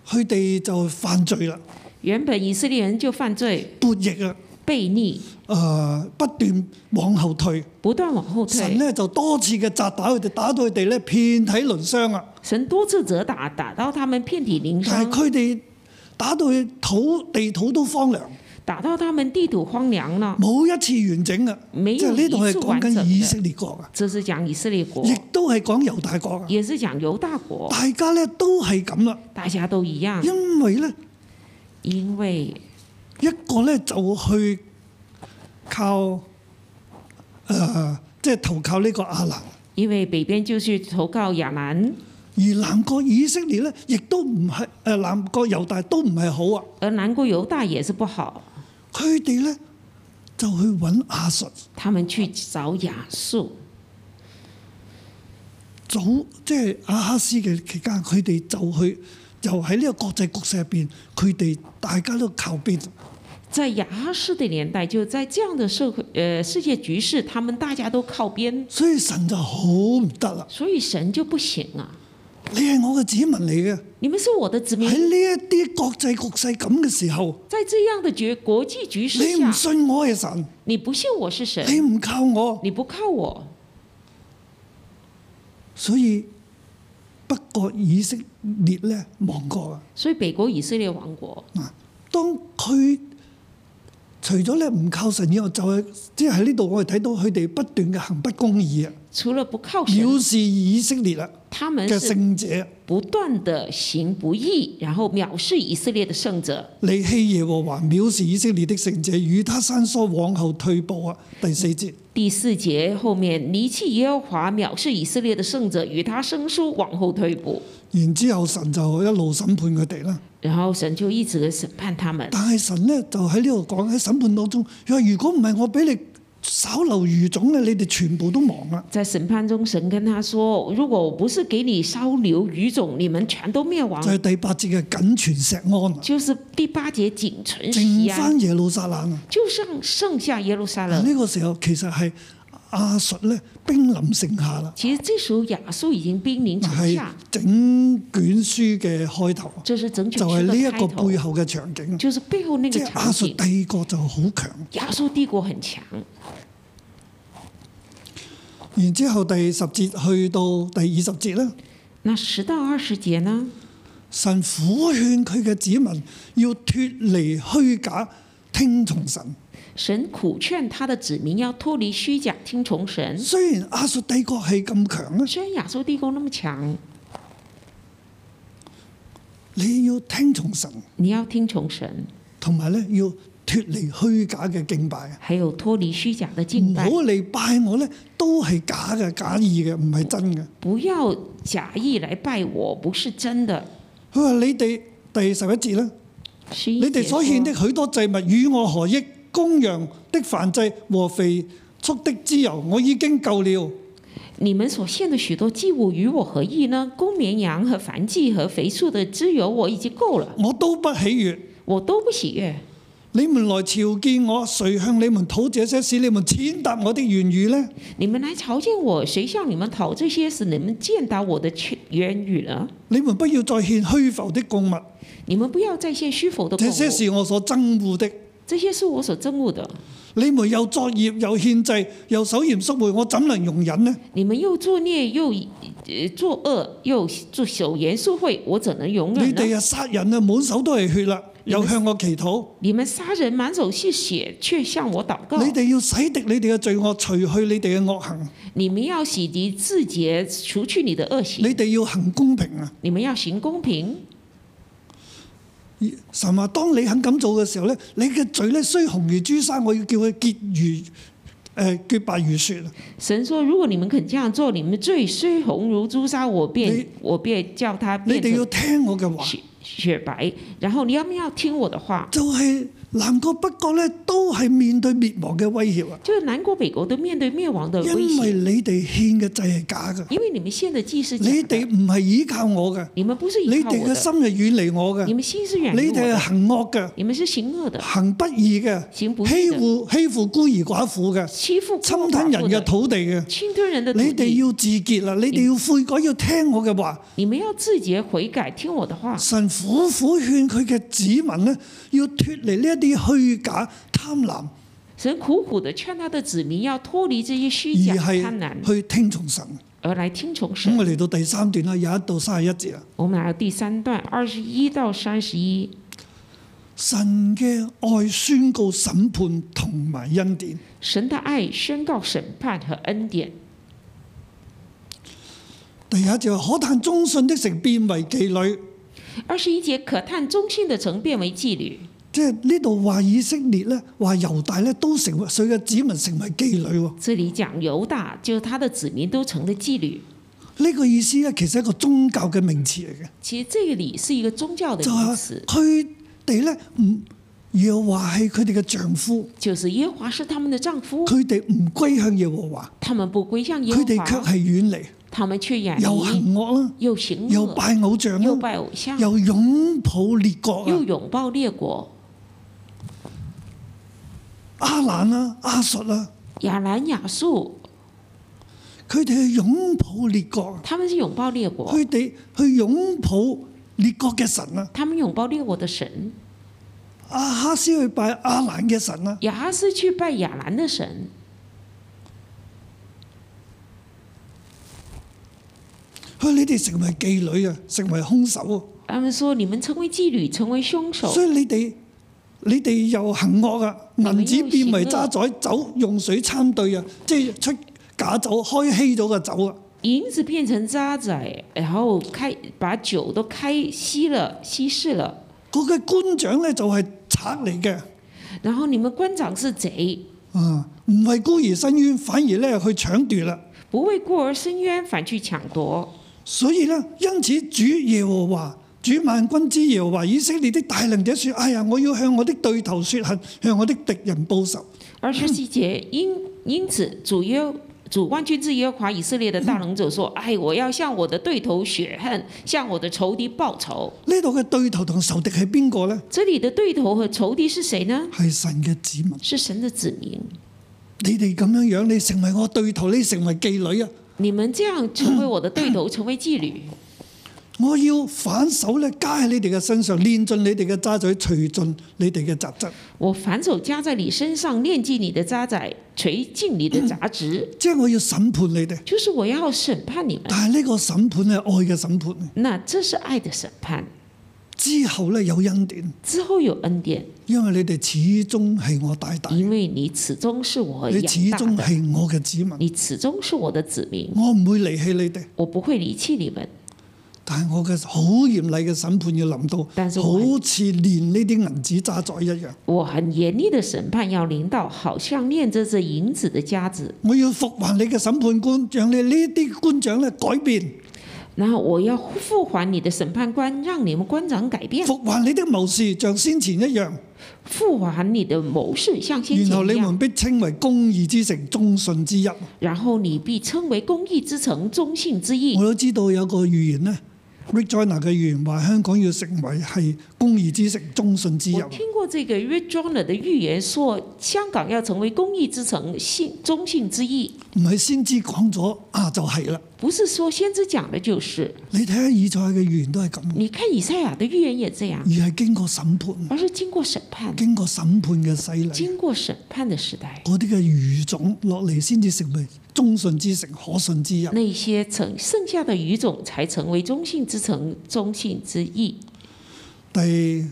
佢哋就犯罪啦。原本以色列人就犯罪。悖逆啊！悖逆，誒，不斷往後退，不斷往後退。神呢就多次嘅責打佢哋，打到佢哋呢遍體鱗傷啊！神多次責打，打到他們遍體鱗傷。但係佢哋打到佢土，地土都荒涼，打到他們地土荒涼啦。冇一次完整啊，即係呢度係講緊以色列國啊，這是講以色列國，亦都係講猶大國啊，也是講猶大國。大家咧都係咁啦，大家都一樣。因為咧，因為。一個咧就去靠誒，即、呃、係、就是、投靠呢個亞蘭。因為北邊就是投靠亞蘭。而南國以色列咧，亦都唔係誒，南國猶大都唔係好啊。而南國猶大也是不好。佢哋咧就去揾亞述。他們去找亞述。早即係亞哈斯嘅期間，佢哋就去，就喺呢個國際局勢入邊，佢哋大家都靠邊。在亞哈斯的年代，就在這樣的社會、呃、世界局勢，他們大家都靠邊，所以神就好唔得了，所以神就不行啊！你係我嘅子民嚟嘅，你們是我的子民。喺呢一啲國際局勢咁嘅時候，在這樣的局國際局勢下，你唔信我係神，你不信我是神，你唔靠我，你不靠我，所以北國以色列咧亡國啊！所以北國以色列亡國啊！當佢。除咗咧唔靠神以外，就係即係喺呢度我哋睇到佢哋不斷嘅行不公義啊！除咗不靠神，藐視以色列啦，嘅聖者不斷的行不義，然後藐視以色列嘅聖者。離棄耶和華，藐視以色列的聖者，與他生疏，往後退步啊！第四節，第四節後面，離棄耶和華，藐視以色列嘅聖者，與他生疏，往後退步。然之後神就一路審判佢哋啦。然後神就一直去審判他們。但係神咧就喺呢度講，喺審判當中，佢話如果唔係我俾你稍留餘種咧，你哋全部都亡啦。在審判中，神跟他說：如果我不是給你稍留餘種，你們全都滅亡。在、就是、第八節嘅僅存錫安。就是第八節僅存。剩翻耶路撒冷啊！就剩剩下耶路撒冷。呢個時候，其實係。亞述咧兵臨城下啦！其實這時候亞述已經兵臨城下，整卷書嘅開頭，就係呢一個背後嘅場景。就是背後那個場景。就是亞述帝國就好強。亞述帝國很強。然之後第十節去到第二十節啦。那十到二十節呢？神苦勸佢嘅子民要脫離虛假，聽從神。神苦勸他的子民要脫離虛假，聽從神。雖然亞述帝國係咁強啊，雖然亞述帝國那麼強，你要聽從神，你要聽從神，同埋咧要脫離虛假嘅敬拜。還要脫離虛假嘅敬拜，唔好嚟拜我咧，都係假嘅、假意嘅，唔係真嘅。不要假意嚟拜我，不是真嘅。佢話你哋第十一節啦，你哋所獻的許多祭物與我何益？公羊的繁殖和肥畜的脂油，我已經夠了。你們所獻的許多祭物與我何益呢？公綿羊和繁殖和肥畜的脂油，我已經夠了。我都不喜悅。我都不喜悅。你們來朝見我，誰向你們討這些事？你們踐踏我的怨語呢？你們來朝見我，誰向你們討這些事？你們踐踏我的冤語啊？你們不要再獻虛浮的供物。你們不要再獻虛浮的供物。這些是我所憎惡的。這些是我所憎惡的。你們又作孽又獻祭又守嚴肅會，我怎能容忍呢？你們又作孽又作惡又守嚴肅會，我怎能容忍？你哋啊殺人啊滿手都係血啦，又向我祈禱。你們殺人滿手是血，卻向我禱告。你哋要洗滌你哋嘅罪惡，除去你哋嘅惡行。你哋要洗滌自潔，除去你嘅惡行。你哋要行公平啊！你們要行公平。神話：當你肯咁做嘅時候咧，你嘅嘴咧雖紅如朱砂，我要叫佢結如誒、呃、潔白如雪。神說：如果你們肯這樣做，你們最雖紅如朱砂，我便我便叫他變你哋要聽我嘅話雪雪白。然後你要唔要聽我嘅話？就係、是。南國北國咧，都係面對滅亡嘅威脅啊！就係南國北國都面對滅亡的威脅。因為你哋獻嘅祭係假嘅。因為你們獻的祭是假的。你哋唔係依靠我嘅。你們不是依靠我的。你哋嘅心係遠離我嘅。你們心是遠離我。你哋係行惡嘅。你們是你們行惡的。你們行不義嘅。欺負欺負孤兒寡婦嘅。欺負。侵吞人嘅土地嘅。侵吞人的土地。你哋要自潔啦！你哋要悔改，要聽我嘅話。你們要自潔悔改，聽我的話。神苦苦勸佢嘅子民咧。要脫離呢一啲虛假貪婪，神苦苦地勸他的子民要脫離呢啲虛假貪婪，去聽從神，而嚟聽從神。咁我嚟到第三段啦,有一到三十一節啊。我們嚟到第三段，二十一到三十一。神嘅愛宣告審判同埋恩典。神嘅愛宣告審判和恩典。第一節話，可嘆忠信的城變為妓女。二十一節可嘆忠心的城變為妓女，即係呢度話以色列咧，話猶大咧都成為，所以嘅子民成為妓女。這裏講猶大，就是他的子民都成了妓女。呢、這個意思咧，其實係一個宗教嘅名詞嚟嘅。其實這裏是一個宗教嘅意思。佢哋咧唔又話係佢哋嘅丈夫，就是耶華是他們的丈夫。佢哋唔歸向耶和華，他們不歸向耶，佢哋卻係遠離。他們去演義，又行惡啦、啊，又拜偶像啦、啊，又擁抱列國、啊，又擁抱列國。阿蘭啦、啊，阿述啦、啊，亞蘭亞述，佢哋去擁抱列國。佢哋去擁抱列國。佢哋去擁抱列國嘅神啊。他們擁抱列國嘅神、啊。阿哈斯去拜阿蘭嘅神啊。亞哈斯去拜亞蘭的神、啊。佢、啊、你哋成為妓女啊，成為兇手啊！他們說你們成為妓女，成為兇手。所以你哋，你哋又行惡啊！銀子變為渣仔，酒用水參兌啊，即係出假酒，開稀咗嘅酒啊！銀子變成渣仔，然後開把酒都開稀了，稀釋了。嗰個官長咧就係、是、賊嚟嘅，然後你們官長是賊。啊，唔為孤兒申冤，反而咧去搶奪啦！不為孤兒申冤，反去搶奪。所以呢，因此主耶和華、主萬軍之耶和華以色列的大能者說：哎呀，我要向我的對頭雪恨，向我的敵人報仇。而且是杰、嗯、因因此主耶主萬軍之耶和華以色列的大能者說、嗯：哎，我要向我的對頭雪恨，向我的仇敵報仇。呢度嘅對頭同仇敵係邊個呢？這裡的對頭和仇敵是誰呢？係神嘅子民。是神嘅子民。你哋咁樣樣，你成為我對頭，你成為妓女啊？你們這樣成為我的對頭，嗯嗯、成為妓女。我要反手咧加喺你哋嘅身上，煉盡你哋嘅渣滓，除盡你哋嘅雜質。我反手加在你身上，煉盡你嘅渣滓，除盡你嘅雜質、嗯。即係我要審判你哋。就是我要審判你。但係呢個審判係愛嘅審判。那這是愛嘅審判。之後咧有恩典。之後有恩典。因為你哋始終係我大大，因為你始終是我的，你始終係我嘅子民，你始終是我的子民，我唔會離棄你哋，我唔會離棄你們，但係我嘅好嚴厲嘅審判要臨到，但是是好似煉呢啲銀紙渣滓一樣。我很嚴厲的審判要臨到，好像煉這些銀子的渣滓。我要復還你嘅審判官，讓你呢啲官長咧改變。然後我要復還你的審判官，讓你們官長改變。復還你的謀士像先前一樣。復還你的謀士像先然後你們被稱為公義之城、忠信之一。然後你被稱為公義之城、忠信之一。我都知道有個預言呢 Rick Joyner 嘅預言話香港要成為係。公義之城，忠信之義。我聽過這個 Reddner 的預言說，說香港要成為公義之城，信忠信之義。唔係先知講咗啊，就係、是、啦。不是說先知講嘅，就是。你睇下以賽亞嘅預言都係咁。你看以賽亞的預言也係這樣。而係經過審判。而是經過審判。經過審判嘅時代。經過審判嘅時代。嗰啲嘅魚種落嚟先至成為忠信之城，可信之義。那些剩剩下的魚種才成為忠信之城，忠信之義。第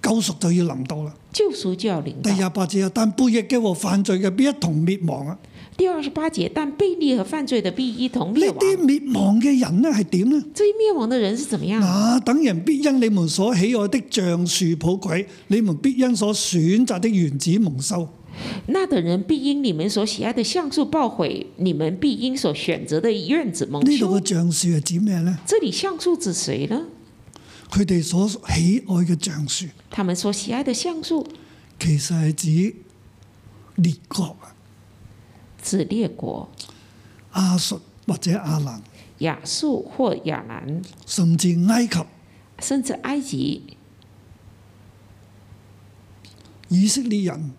九熟就要臨到啦，救熟就要臨。第二八節啊，但背逆嘅和犯罪嘅必一同滅亡啊。第二十八節，但背逆和犯罪嘅必一同滅亡。呢啲滅亡嘅人呢係點呢？最滅亡嘅人是怎麼樣？啊，等人必因你們所喜愛的橡樹抱鬼，你們必因所選擇的原子蒙羞。那等人必因你們所喜愛嘅橡樹爆悔，你們必因所選擇的院子蒙羞。呢度嘅橡樹係指咩呢？這裡橡樹指誰呢？佢哋所喜愛嘅橡樹，他們所喜愛的橡樹，其實係指列國啊，指列國，亞述或者阿蘭，亞述或亞蘭，甚至埃及，甚至埃及，以色列人，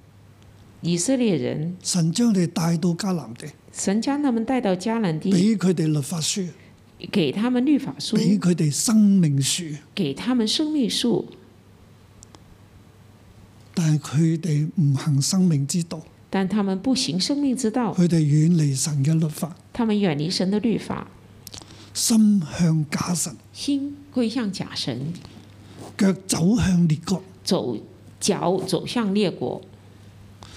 以色列人，神將佢哋帶到迦南地，神將他們帶到迦南地，畀佢哋律法書。給他們律法書，俾佢哋生命書，給他們生命書，但係佢哋唔行生命之道，但他們不行生命之道，佢哋遠離神嘅律法，他們遠離神的律法，心向假神，心歸向假神，腳走向列國，走腳走向列國。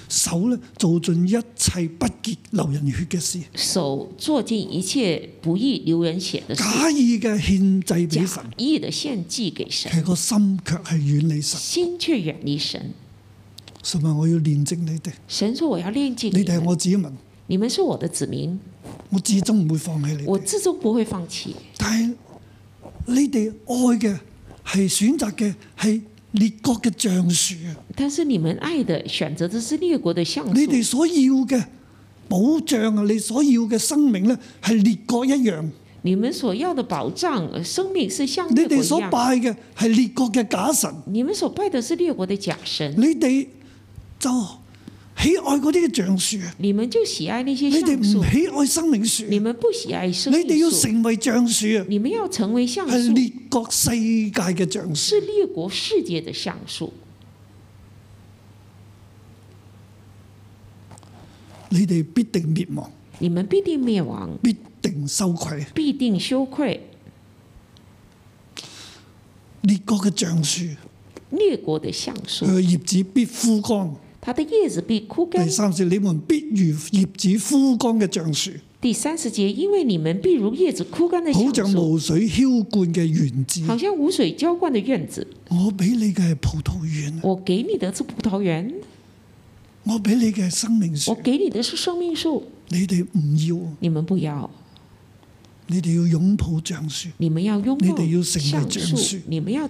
手咧做盡一切不潔流人血嘅事，手做盡一切不易流人血嘅事，假意嘅獻祭俾神，假意的獻祭給神，佢個心卻係遠離神，心卻遠離神。神話我要煉淨你哋，神說我要煉淨你哋，係我子民，你們是我的子民，我始終唔會放棄你，我始終不會放棄。但係你哋愛嘅係選擇嘅係。列國嘅像樹，但是你們愛的選擇，的是列國的像樹。你哋所要嘅保障啊，你所要嘅生命咧，係列國一樣。你們所要的保障、生命是，是像列國一樣。你哋所拜嘅係列國嘅假神，你們所拜嘅是列國嘅假神。你哋就。喜愛嗰啲嘅橡樹啊！你們就喜愛那些橡樹。你哋唔喜愛生命樹。你們不喜愛生命樹。你哋要成為橡樹啊！你哋要成為橡樹。係列國世界嘅橡樹。是列國世界嘅橡樹。你哋必定滅亡。你哋必定滅亡。必定羞愧。必定羞愧。列國嘅橡樹。列國嘅橡樹。葉子必枯乾。它的葉子必枯乾。第三十節，你們必如葉子枯乾嘅橡樹。第三十節，因為你們必如葉子枯乾的橡樹。好像無水澆灌嘅園子。好像無水澆灌的院子。我俾你嘅係葡萄園。我給你的是葡萄園。我俾你嘅係生命樹。我給你的是生命樹。你哋唔要。你們不要。你哋要擁抱橡樹，你哋要，要成為橡樹，你哋要，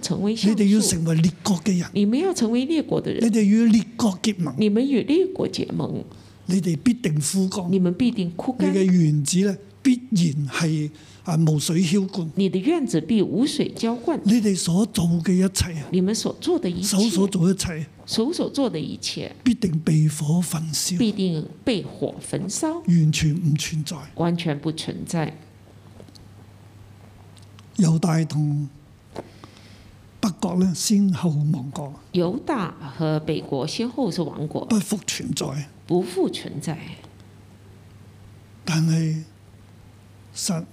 要成為列國嘅人，你哋要成為列國嘅人，你哋要列國結盟，你們與列國結盟，你哋必定枯乾，你們必定枯乾，你嘅原子咧必然係啊無水澆灌，你的院子必無水澆灌，你哋所做嘅一切啊，你們所做嘅一切，所所做一切，所所做的一切必定被火焚燒，必定被火焚燒，完全唔存在，完全唔存在。猶大同北國咧，先後亡國。猶大和北國先後是亡國，不復存在。不復存在。但係神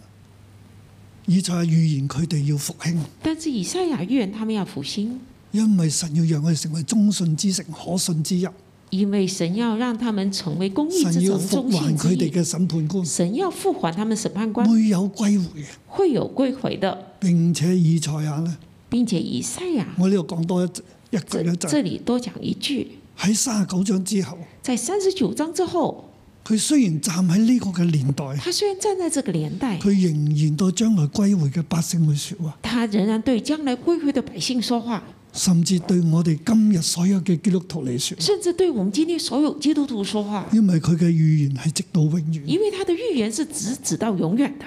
以賽亞預言佢哋要復興。但是以賽亞預言他們要復興，因為神要讓佢哋成為忠信之城、可信之一因為神要讓他們成為公義之子。忠心神要復還佢哋嘅審判官，神要復還他們審判官，會有歸回嘅，會有歸回的，並且以賽亞呢？並且以賽亞，我呢度講多一一句，一句，一這，這裡多講一句喺三十九章之後，在三十九章之後，佢雖然站喺呢個嘅年代，他雖然站在這個年代，佢仍然對將來歸回嘅百姓會說話，他仍然對將來歸回的百姓說話。甚至對我哋今日所有嘅基督徒嚟説，甚至對我們今天所有基督徒說話，因為佢嘅預言係直到永遠。因為他的預言是直指到永遠的。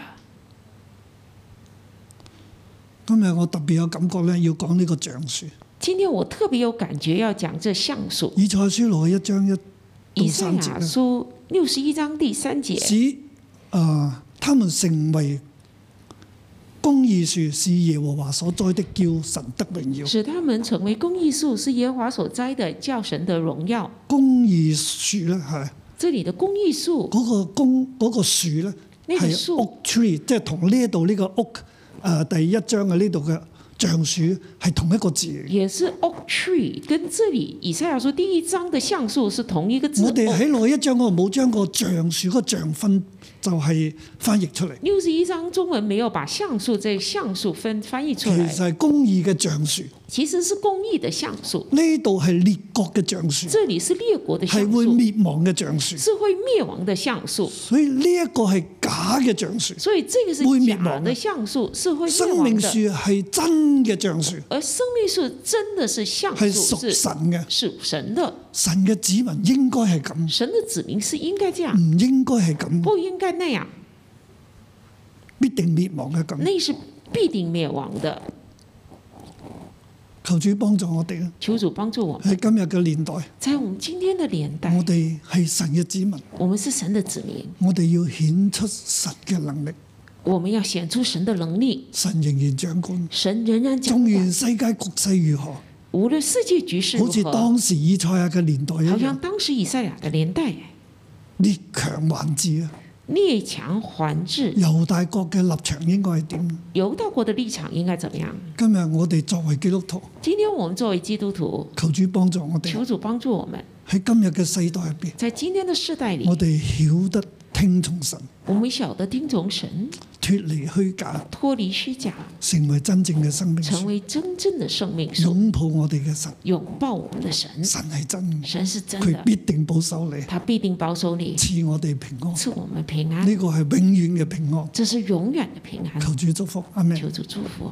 今日我特別有感覺呢，要講呢個橡樹。今天我特別有感覺要講這橡樹。以賽書羅一章一到三節。以賽亞書六十一章第三節使啊、呃，他們成為。公義樹是耶和華所栽的，的，叫神的榮耀。使他們成為公義樹是耶和華所栽的，叫神的榮耀。公義樹咧，係。這裏的公義樹。嗰、那個公嗰、那個樹咧，係 Oak tree，即係同呢度呢個 Oak，誒，第一章嘅呢度嘅橡樹係同一個字。也是 Oak tree，跟這裏以賽亞說第一章嘅橡樹是同一個字。我哋喺另一章嗰度冇將個橡樹個橡分。就係、是、翻譯出嚟，六十一章中文沒有把像素這像素分翻譯出嚟，其實係公義嘅橡樹。其實是公義的像素，呢度係列國嘅像素，這裏是列國的像素，係會滅亡嘅像素，是會滅亡的像素。所以呢個係假嘅像素，所以這個是會滅亡的像素，是會滅亡的。生命樹係真嘅像素，而生命樹真的是像素，是屬神嘅，是神的神嘅子民應該係咁，神的子民是應該這樣，唔應該係咁，不應該那樣，必定滅亡嘅咁，那是必定滅亡的。求主幫助我哋啊！求主幫助我哋，喺今日嘅年代，喺我哋今天嘅年代，我哋係神嘅子民，我們是神的子民。我哋要顯出神嘅能力，我們要顯出神的能力。神仍然掌管，神仍然掌管。縱然世界局勢如何，無論世界局勢如何，好似當時以賽亞嘅年代，好像當時以賽亞嘅年代，列強環伺啊！列強還治？猶大國嘅立場應該係點？猶大國的立場應該怎麼樣？今日我哋作為基督徒，今天我們作為基督徒，求主幫助我哋，求主幫助我們。喺今日嘅世代入邊，在今天的世代裏，我哋曉得聽從神，我們曉得聽從神，脱離虛假，脱離虛假，成為真正嘅生命，成為真正的生命，擁抱我哋嘅神，擁抱我們的神，神係真，神是真的，佢必定保守你，他必定保守你，賜我哋平安，賜我們平安，呢個係永遠嘅平安，這是永遠的平安，求主祝福，阿們，求主祝福。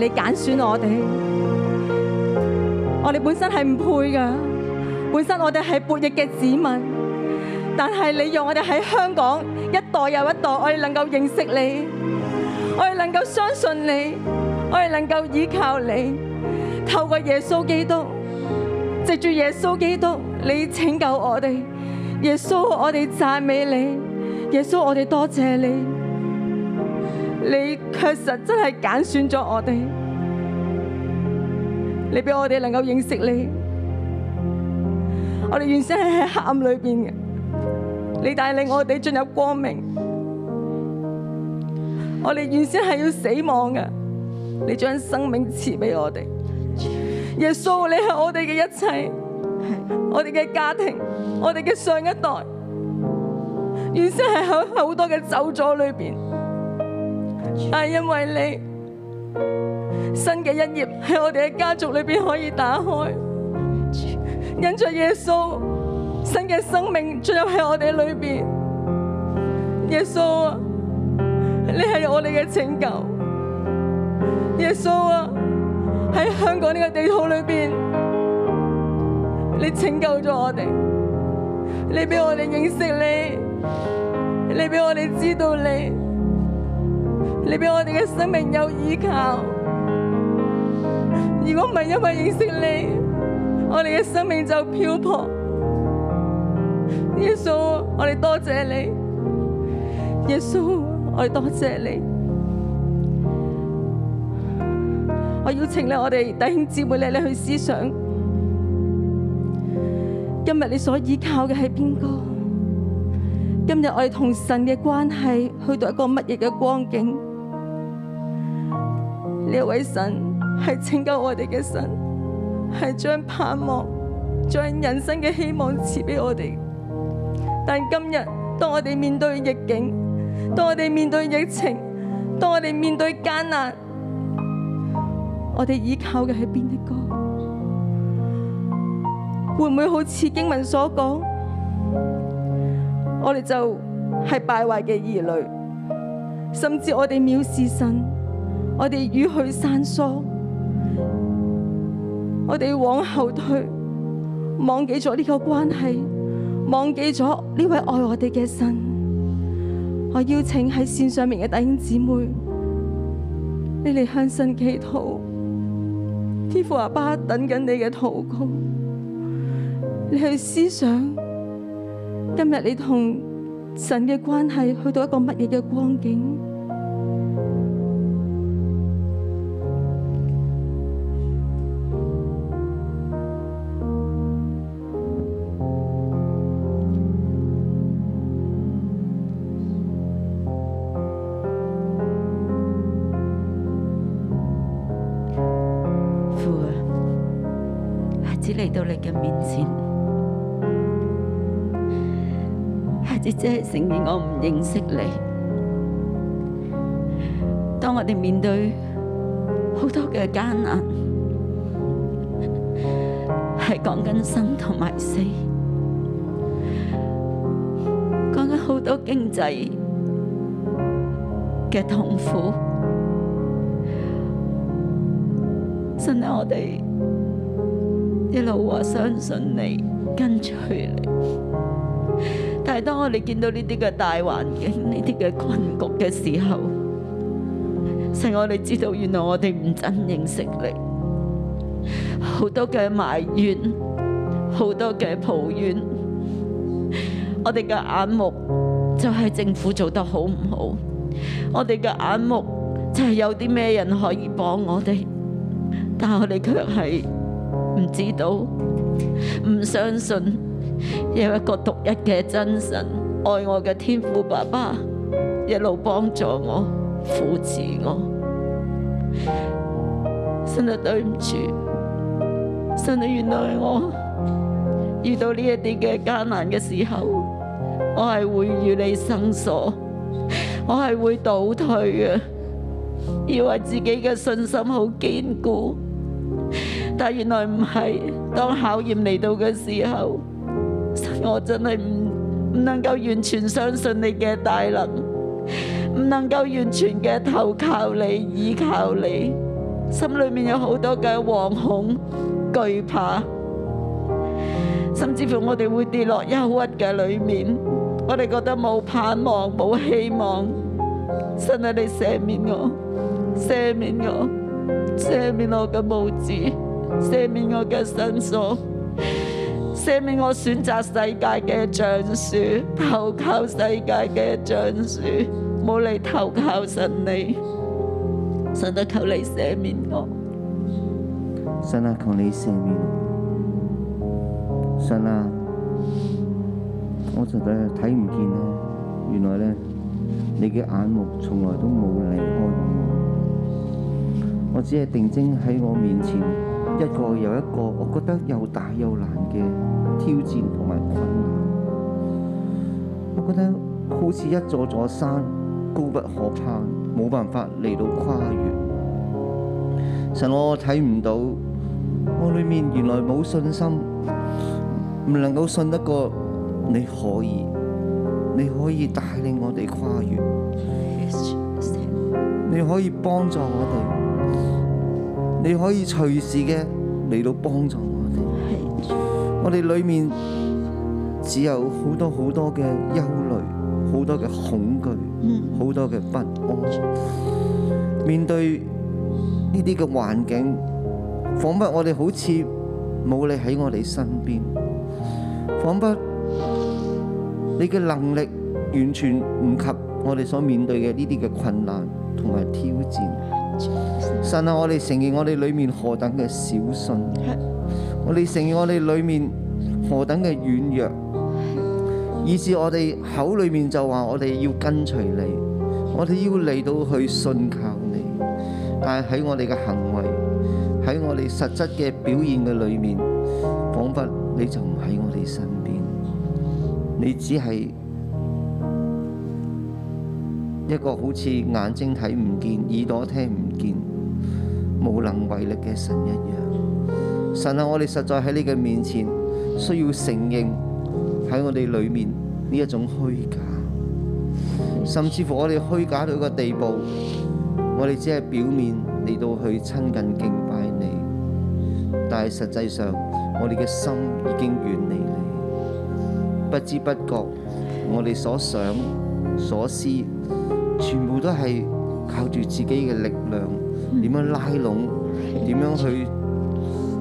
你揀選我哋，我哋本身係唔配噶，本身我哋係叛逆嘅子民，但係你讓我哋喺香港一代又一代，我哋能夠認識你，我哋能夠相信你，我哋能夠倚靠你，透過耶穌基督，藉住耶穌基督，你拯救我哋，耶穌我哋讚美你，耶穌我哋多謝你，你。確實真係揀選咗我哋，你俾我哋能夠認識你。我哋原先係喺黑暗裏邊嘅，你帶領我哋進入光明。我哋原先係要死亡嘅，你將生命賜俾我哋。耶穌，你係我哋嘅一切，我哋嘅家庭，我哋嘅上一代，原先係喺好多嘅走咗裏邊。但係因為你，新嘅一頁喺我哋嘅家族裏邊可以打開，因着耶穌新嘅生命進入喺我哋裏邊。耶穌啊，你係我哋嘅拯救。耶穌啊，喺香港呢個地圖裏邊，你拯救咗我哋，你俾我哋認識你，你俾我哋知道你。你俾我哋嘅生命有依靠，如果唔係因為認識你，我哋嘅生命就漂泊。耶穌，我哋多謝你。耶穌，我哋多謝你。我邀請咧，我哋弟兄姊妹咧，你去思想，今日你所依靠嘅係邊個？今日我哋同神嘅關係去到一個乜嘢嘅光景？呢位神係拯救我哋嘅神，係將盼望、將人生嘅希望賜俾我哋。但今日當我哋面對逆境，當我哋面對疫情，當我哋面對艱難，我哋依靠嘅係邊一個？會唔會好似經文所講，我哋就係敗壞嘅兒女，甚至我哋藐視神？我哋與去山疏，我哋往後退，忘記咗呢個關係，忘記咗呢位愛我哋嘅神。我邀請喺線上面嘅弟兄姊妹，你嚟向神祈禱，天父阿爸等緊你嘅禱告。你去思想今日你同神嘅關係去到一個乜嘢嘅光景？即係承認我唔認識你。當我哋面對好多嘅艱難，係講緊生同埋死，講緊好多經濟嘅痛苦，真係我哋一路話相信你，跟隨你。但係當我哋見到呢啲嘅大環境、呢啲嘅困局嘅時候，使、就是、我哋知道原來我哋唔真認識你，好多嘅埋怨、好多嘅抱怨，我哋嘅眼目就係政府做得好唔好，我哋嘅眼目就係有啲咩人可以幫我哋，但係我哋卻係唔知道、唔相信。有一個獨一嘅真神愛我嘅天父爸爸一路幫助我扶持我，真係對唔住，真係原諒我！遇到呢一啲嘅艱難嘅時候，我係會與你生疏，我係會倒退嘅，以為自己嘅信心好堅固，但原來唔係，當考驗嚟到嘅時候。我真係唔唔能夠完全相信你嘅大能，唔能夠完全嘅投靠你、倚靠你，心裏面有好多嘅惶恐、懼怕，甚至乎我哋會跌落憂鬱嘅裏面，我哋覺得冇盼望、冇希望。神啊，你赦免我，赦免我，赦免我嘅無知，赦免我嘅辛所。赦免我選擇世界嘅橡樹投靠世界嘅橡樹，冇嚟投靠神你。神得，求你赦免我，神啊求你赦免我，神啊，神啊我實在睇唔見啊，原來呢，你嘅眼目從來都冇離開我，我只係定睛喺我面前一個又一個，我覺得又大又難嘅。挑戰同埋困難，我覺得好似一座座山，高不可攀，冇辦法嚟到跨越。神，我睇唔到，我裏面原來冇信心，唔能夠信得過。你可以，你可以帶領我哋跨越，你可以幫助我哋，你可以隨時嘅嚟到幫助。我哋裏面只有好多好多嘅憂慮，好多嘅恐懼，好多嘅不安。面對呢啲嘅環境，彷彿我哋好似冇你喺我哋身邊，彷彿你嘅能力完全唔及我哋所面對嘅呢啲嘅困難同埋挑戰。神啊，我哋承認我哋裏面何等嘅小信。我哋承認我哋裏面何等嘅軟弱，以至我哋口裏面就話我哋要跟隨你，我哋要嚟到去信靠你，但係喺我哋嘅行為，喺我哋實質嘅表現嘅裏面，仿佛你就唔喺我哋身邊，你只係一個好似眼睛睇唔見、耳朵聽唔見、無能為力嘅神一樣。神啊，我哋實在喺你嘅面前需要承認，喺我哋裏面呢一種虛假，甚至乎我哋虛假到一個地步，我哋只係表面嚟到去親近敬拜你，但係實際上我哋嘅心已經遠離你。不知不覺我哋所想所思全部都係靠住自己嘅力量，點樣拉攏點樣去。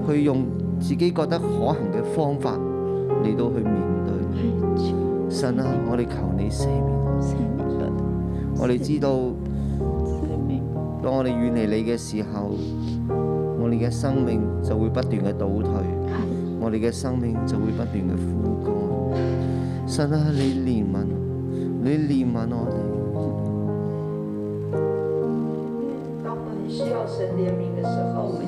佢用自己覺得可行嘅方法嚟到去面對。神啊，我哋求你赦免我。赦免我。我哋知道，當我哋遠離你嘅時候，我哋嘅生命就會不斷嘅倒退。我哋嘅生命就會不斷嘅枯乾。神啊，你憐憫，你憐憫我哋。當、嗯、我哋需要神憐憫。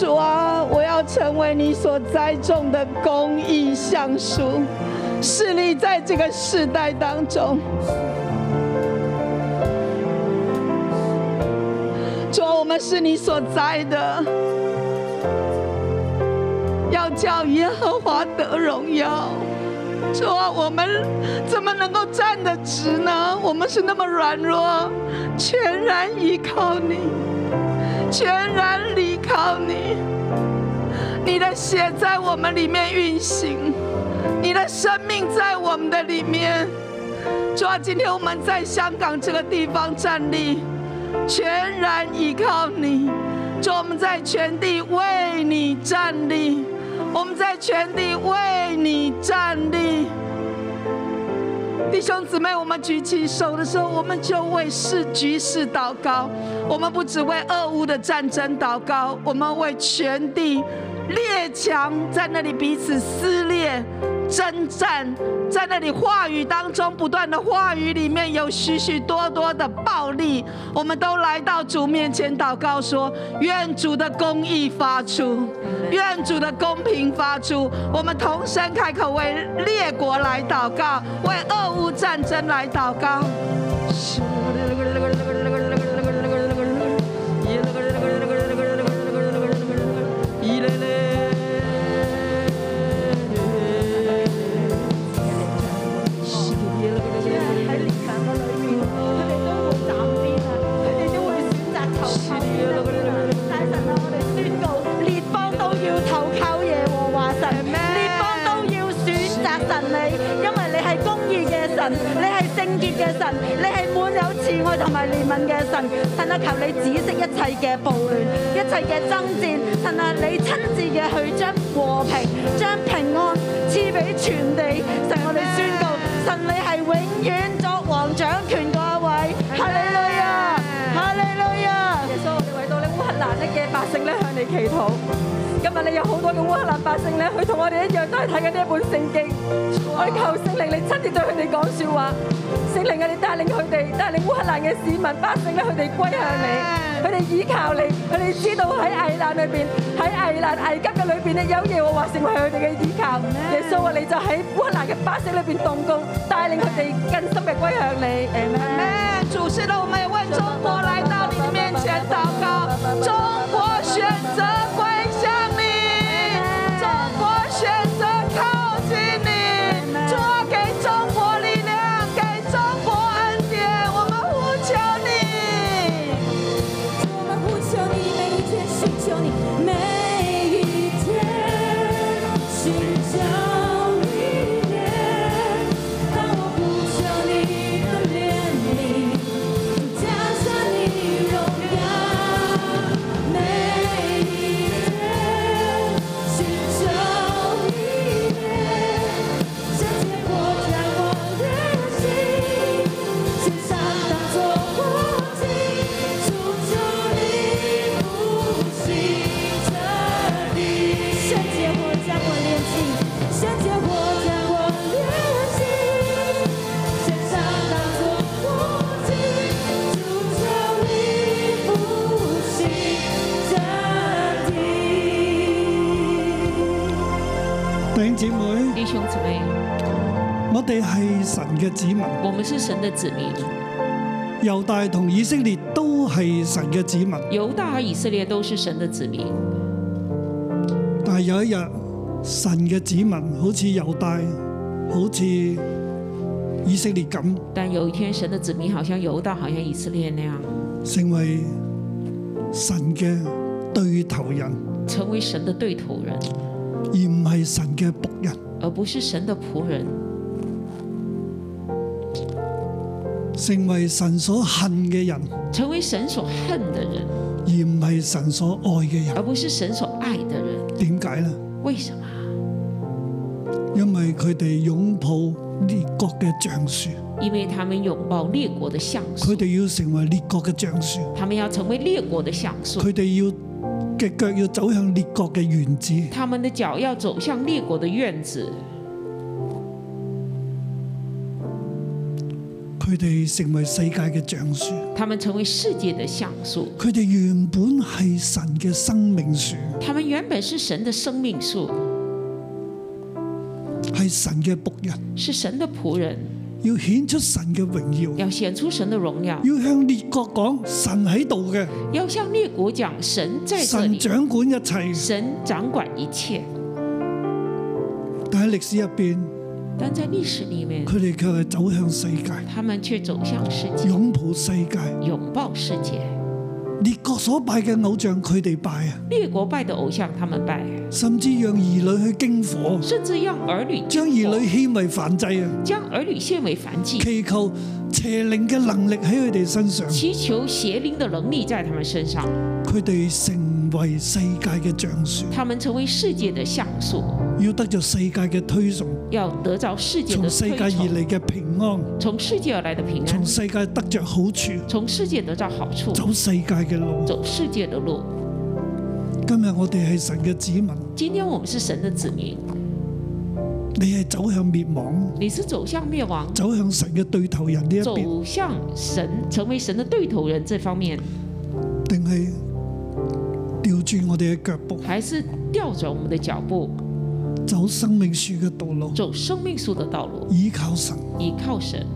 主啊，我要成為你所栽種的公義橡樹，屹立在這個世代當中。主啊，我們是你所栽的，要叫耶和華得榮耀。主啊，我們怎麼能夠站得直呢？我們是那麼軟弱，全然依靠你。全然依靠你，你的血在我們裏面運行，你的生命在我們的裏面。主啊，今天我們在香港這個地方站立，全然依靠你。主，我們在全地為你站立，我們在全地為你站立。弟兄姊妹，我們舉起手的時候，我們就為世局勢禱告。我們不只為俄烏的戰爭禱告，我們為全地。列強在那裏彼此撕裂、征戰，在那裏話語當中不斷的話語裏面有許許多多的暴力，我們都來到主面前禱告說：願主的公義發出，願主的公平發出。我們同聲開口為列國來禱告，為俄烏戰爭來禱告。同埋憐憫嘅神，神啊，求你止息一切嘅暴亂，一切嘅爭戰，神啊，你親自嘅去將和平、將平安賜俾全地，神，我哋宣告，神你係永遠作王掌權嗰一位，哈利路亞，哈利路亞，耶穌，我哋為到你，烏克蘭的嘅百姓咧向你祈禱。你有好多嘅烏克蘭百姓咧，佢同我哋一樣，都係睇緊呢一本聖經，我求聖靈，你親自對佢哋講說話，聖靈啊，你帶領佢哋，帶領烏克蘭嘅市民百姓咧，佢哋歸向你，佢哋倚靠你，佢哋知道喺危難裏邊，喺危難危急嘅裏邊咧，有嘢話話成為佢哋嘅依靠。耶穌啊，你就喺烏克蘭嘅百姓裏邊動工，帶領佢哋更深嘅歸向你。阿門。做宣道，唔係為中國嚟。你係神嘅子民，我們是神的子民。猶大同以色列都係神嘅子民，猶大和以色列都是神的子民。但係有一日，神嘅子民好似猶大，好似以色列咁。但有一天，神的子民好像猶大，好像以色列那樣，成為神嘅對頭人，成為神的對頭人，而唔係神嘅僕人，而不是神的僕人。成為神所恨嘅人，成為神所恨嘅人，而唔係神所愛嘅人，而不是神所愛嘅人。點解呢？為什麼？因為佢哋擁抱列國嘅將帥，因為他們擁抱列國的相，佢哋要成為列國嘅將帥，他們要成為列國的相，佢哋要嘅腳要走向列國嘅院子，他們的腳要走向列國的院子。佢哋成為世界嘅橡樹，佢哋成為世界的橡樹。佢哋原本係神嘅生命樹，佢哋原本係神嘅生命樹，係神嘅僕人，係神嘅僕人。要顯出神嘅榮耀，要顯出神嘅榮耀，要向列國講神喺度嘅，要向列國講神在神掌管一切，神掌管一切。但喺歷史入邊。但在歷史裏面，佢哋卻係走向世界，他們卻走向世界，擁抱世界，擁抱世界。列國所拜嘅偶像，佢哋拜啊。列國拜嘅偶像，他們拜。甚至讓兒女去經火，甚至讓兒女將兒女獻為燔祭。啊，將兒女獻為燔祭。祈求邪靈嘅能力喺佢哋身上，祈求邪靈嘅能力在佢哋身上。佢哋為世界嘅像素，他們成為世界的像素。要得着世界嘅推崇，要得着世界。從世界而嚟嘅平安，從世界而來的平安。從世界得着好處，從世界得到好處。走世界嘅路，走世界的路。今日我哋係神嘅子民，今天我們是神的子民。你係走向滅亡，你是走向滅亡，走向神嘅對頭人呢一邊，走向神，成為神的對頭人。這方面，定係。調轉我哋嘅腳步，還是調轉我們嘅腳步，走生命樹嘅道路，走生命樹的道路，依靠神，依靠神，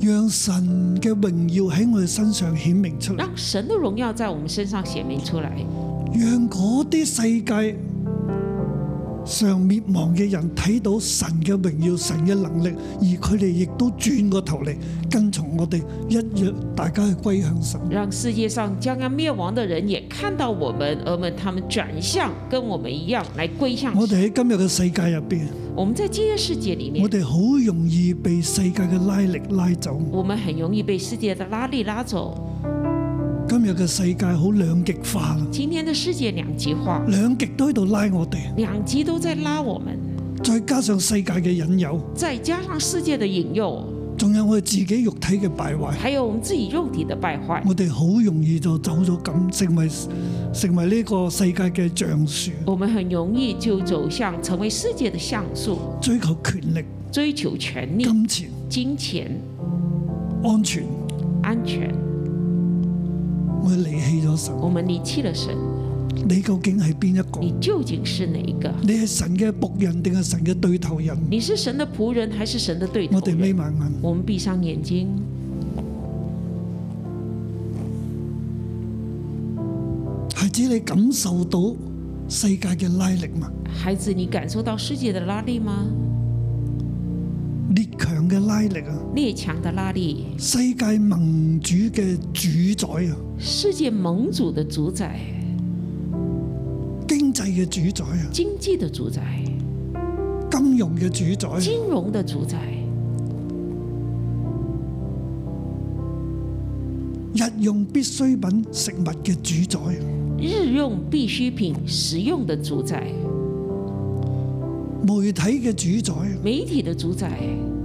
讓神嘅榮耀喺我哋身上顯明出嚟，讓神嘅榮耀喺我們身上顯明出來，讓嗰啲世界。上滅亡嘅人睇到神嘅榮耀、神嘅能力，而佢哋亦都轉過頭嚟跟從我哋，一樣大家去歸向神。讓世界上將要滅亡嘅人也看到我們，而們他們轉向跟我們一樣來歸向神。我哋喺今日嘅世界入邊，我們在今日世界裏面，我哋好容易被世界嘅拉力拉走。我們很容易被世界的拉力拉走。今日嘅世界好兩極化啦！今天的世界兩極化，兩極都喺度拉我哋。兩極都在拉我們，再加上世界嘅引誘，再加上世界的引誘，仲有我哋自己肉體嘅敗壞，還有我們自己肉體的敗壞。我哋好容易就走咗噉，成為成為呢個世界嘅橡樹。我們很容易就走向成為世界的橡樹，追求權力，追求權力，金錢，金錢，安全，安全。我們離棄了神，你究竟係邊一個？你究竟是哪一個？你係神嘅僕人定係神嘅對頭人？你是神嘅僕人還是神嘅對頭人？我哋眯埋眼，我們閉上眼睛，孩子，你感受到世界嘅拉力嗎？孩子，你感受到世界嘅拉力嗎？嘅拉力啊！列強嘅拉力，世界盟主嘅主宰啊！世界盟主嘅主宰，啊，經濟嘅主宰啊！經濟嘅主宰，金融嘅主宰，金融嘅主宰，日用必需品食物嘅主宰，日用必需品食用嘅主宰，媒體嘅主宰，媒體嘅主宰，啊。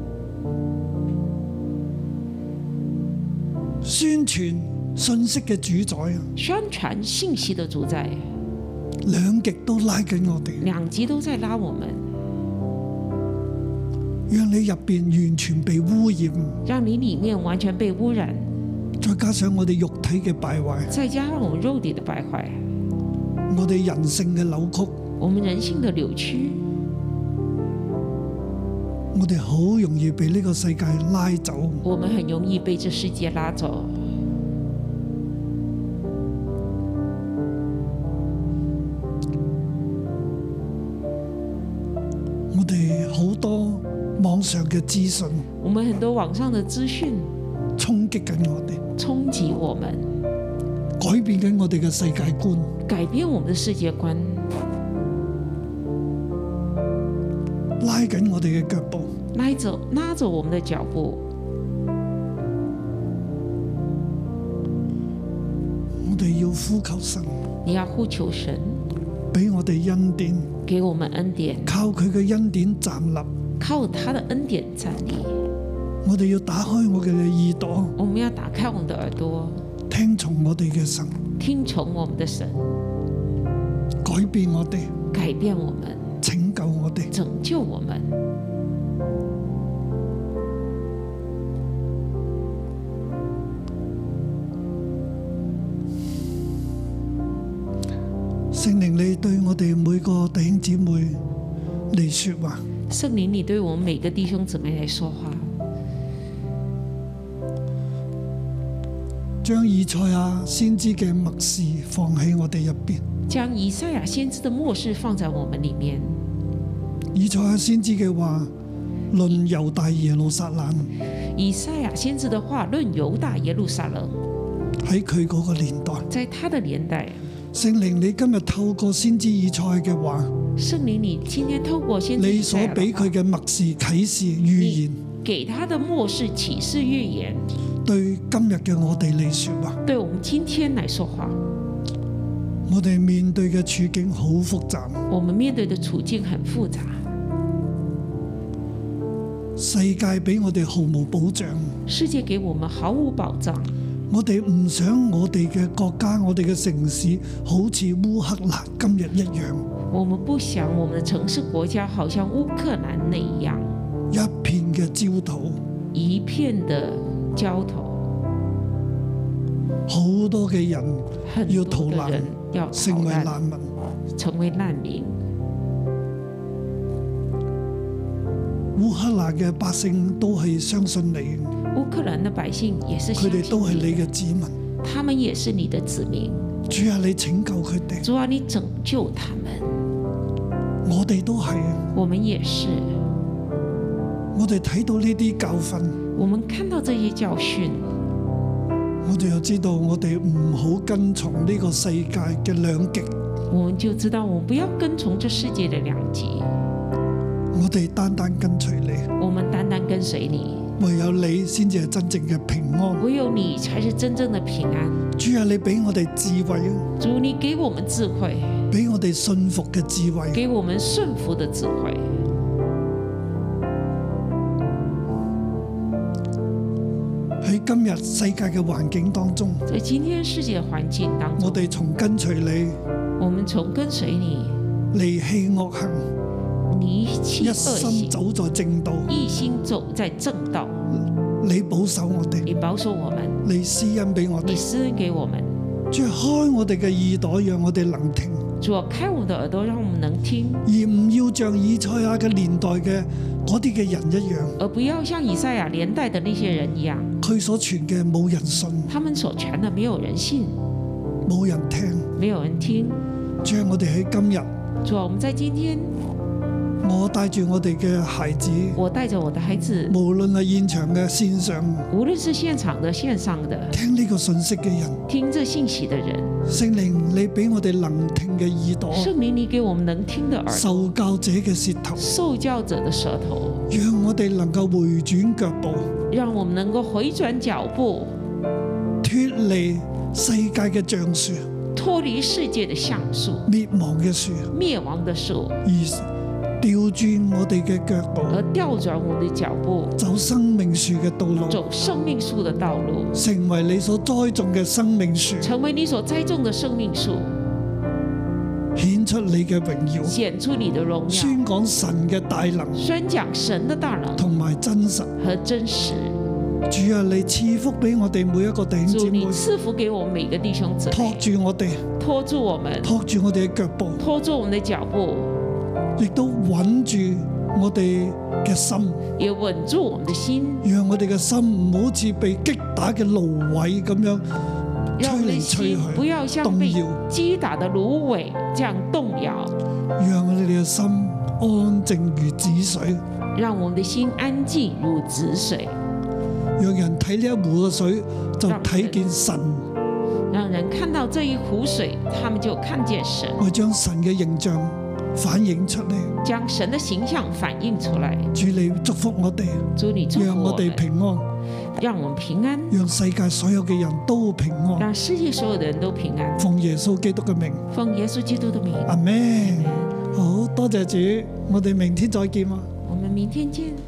宣傳信息嘅主宰啊！宣傳信息嘅主宰，兩極都拉緊我哋，兩極都在拉我們，讓你入邊完全被污染，讓你裏面完全被污染，再加上我哋肉體嘅敗壞，再加上我肉體嘅敗壞，我哋人性嘅扭曲，我們人性嘅扭曲。我哋好容易被呢個世界拉走，我們很容易被這世界拉走。我哋好多網上嘅資訊，我們很多網上的資訊衝擊緊我哋，衝擊我們，改變緊我哋嘅世界觀，改變我們的世界觀。我哋嘅腳步，拉走拉走我們的腳步。我哋要呼求神，你要呼求神，俾我哋恩典，給我們恩典，靠佢嘅恩典站立，靠他的恩典站立。我哋要打開我哋嘅耳朵，我們要打開我們的耳朵，聽從我哋嘅神，聽從我們的神，改變我哋，改變我們。拯救我們，聖靈，你對我哋每個弟兄姊妹嚟說話。聖靈，你對我們每個弟兄姊妹嚟說，說話。將以賽亞先知嘅默示放喺我哋入邊。將以賽亞先知嘅默示放在我們裏面。以賽亞先知嘅話，論猶大耶路撒冷；以賽亞先知嘅話，論猶大耶路撒冷。喺佢嗰個年代，在他的年代。聖靈，你今日透過先知以賽嘅話，聖靈，你今天透過先知以賽，你所俾佢嘅默示啟示預言，給他的默示啟示預言，言，對今日嘅我哋嚟說話，對我們今天來說話，我哋面對嘅處境好複雜。我們面對嘅處境很複雜。世界俾我哋毫無保障，世界給我們毫無保障。我哋唔想我哋嘅國家、我哋嘅城市好似烏克蘭今日一樣。我們不想我們的城市、國家好像烏克蘭那樣，一片嘅焦土，一片的焦土，好多嘅人要逃難，要成為難民，成為難民。烏克蘭嘅百姓都係相信你。烏克蘭嘅百姓也是。佢哋都係你嘅子民。他們也是你嘅子民。主啊，你拯救佢哋。主啊，你拯救他們。我哋都係。我們也是。我哋睇到呢啲教訓。我們看到這些教訓。我哋又知道我哋唔好跟從呢個世界嘅兩極。我們就知道，我們不要跟從這個世界的兩極。我哋單單跟隨你，我們單單跟隨你，唯有你先至係真正嘅平安，唯有你才是真正的平安。主啊，你俾我哋智慧，主你給我們智慧，俾我哋信服嘅智慧，給我們信服的智慧。喺今日世界嘅環境當中，喺今天世界環境當中，我哋從跟隨你，我們從跟隨你，離棄惡行。一生走在正道，一心走在正道。你保守我哋，你保守我們，你施恩俾我哋，你施恩給我們。主開我哋嘅耳朵，讓我哋能聽；主開我的耳朵，讓我們能聽。而唔要像以賽亞嘅年代嘅嗰啲嘅人一樣，而不要像以賽亞年代嘅呢些人一樣。佢所傳嘅冇人信，他們所傳嘅沒有人信，冇人聽，沒有人聽。主我哋喺今日，主要我們在今天。我帶住我哋嘅孩子，我帶住我的孩子，無論係現場嘅線上，無論是現場的線上的聽呢個信息嘅人，聽這信息的人，聖靈你俾我哋能聽嘅耳朵，聖靈你給我們能聽嘅耳，受教者嘅舌頭，受教者嘅舌頭，讓我哋能夠回轉腳步，讓我們能夠回轉腳步，脱離世界嘅橡樹，脱離世界嘅橡樹，滅亡嘅樹，滅亡嘅樹，調轉我哋嘅腳步，而調轉我哋腳步，走生命樹嘅道路，走生命樹的道路，成為你所栽種嘅生命樹，成為你所栽種嘅生命樹，顯出你嘅榮耀，顯出你的榮耀，宣講神嘅大能，宣講神的大能，同埋真實和真實。主啊，你賜福俾我哋每一個弟兄姊妹，賜福給我每個弟兄姊妹，托住我哋，托住我們，托住我哋嘅腳步，托住我們的腳步。亦都穩住我哋嘅心，要穩住我們嘅心，讓我哋嘅心唔好似被擊打嘅蘆葦咁樣吹嚟、吹去，不要像被擊打的蘆葦這樣動搖。讓我哋嘅心安靜如止水，讓我們嘅心安靜如止水。讓人睇呢一壺嘅水就睇見神，讓人看到這一壺水，他們就看見神。我將神嘅形象。反映出嚟，將神的形象反映出嚟。主你祝福我哋，祝你祝福我哋平安，讓我們平安，讓世界所有嘅人都平安，讓世界所有人都平安。奉耶穌基督嘅名，奉耶穌基督嘅名。阿門。好，多謝主，我哋明天再見啊！我們明天見。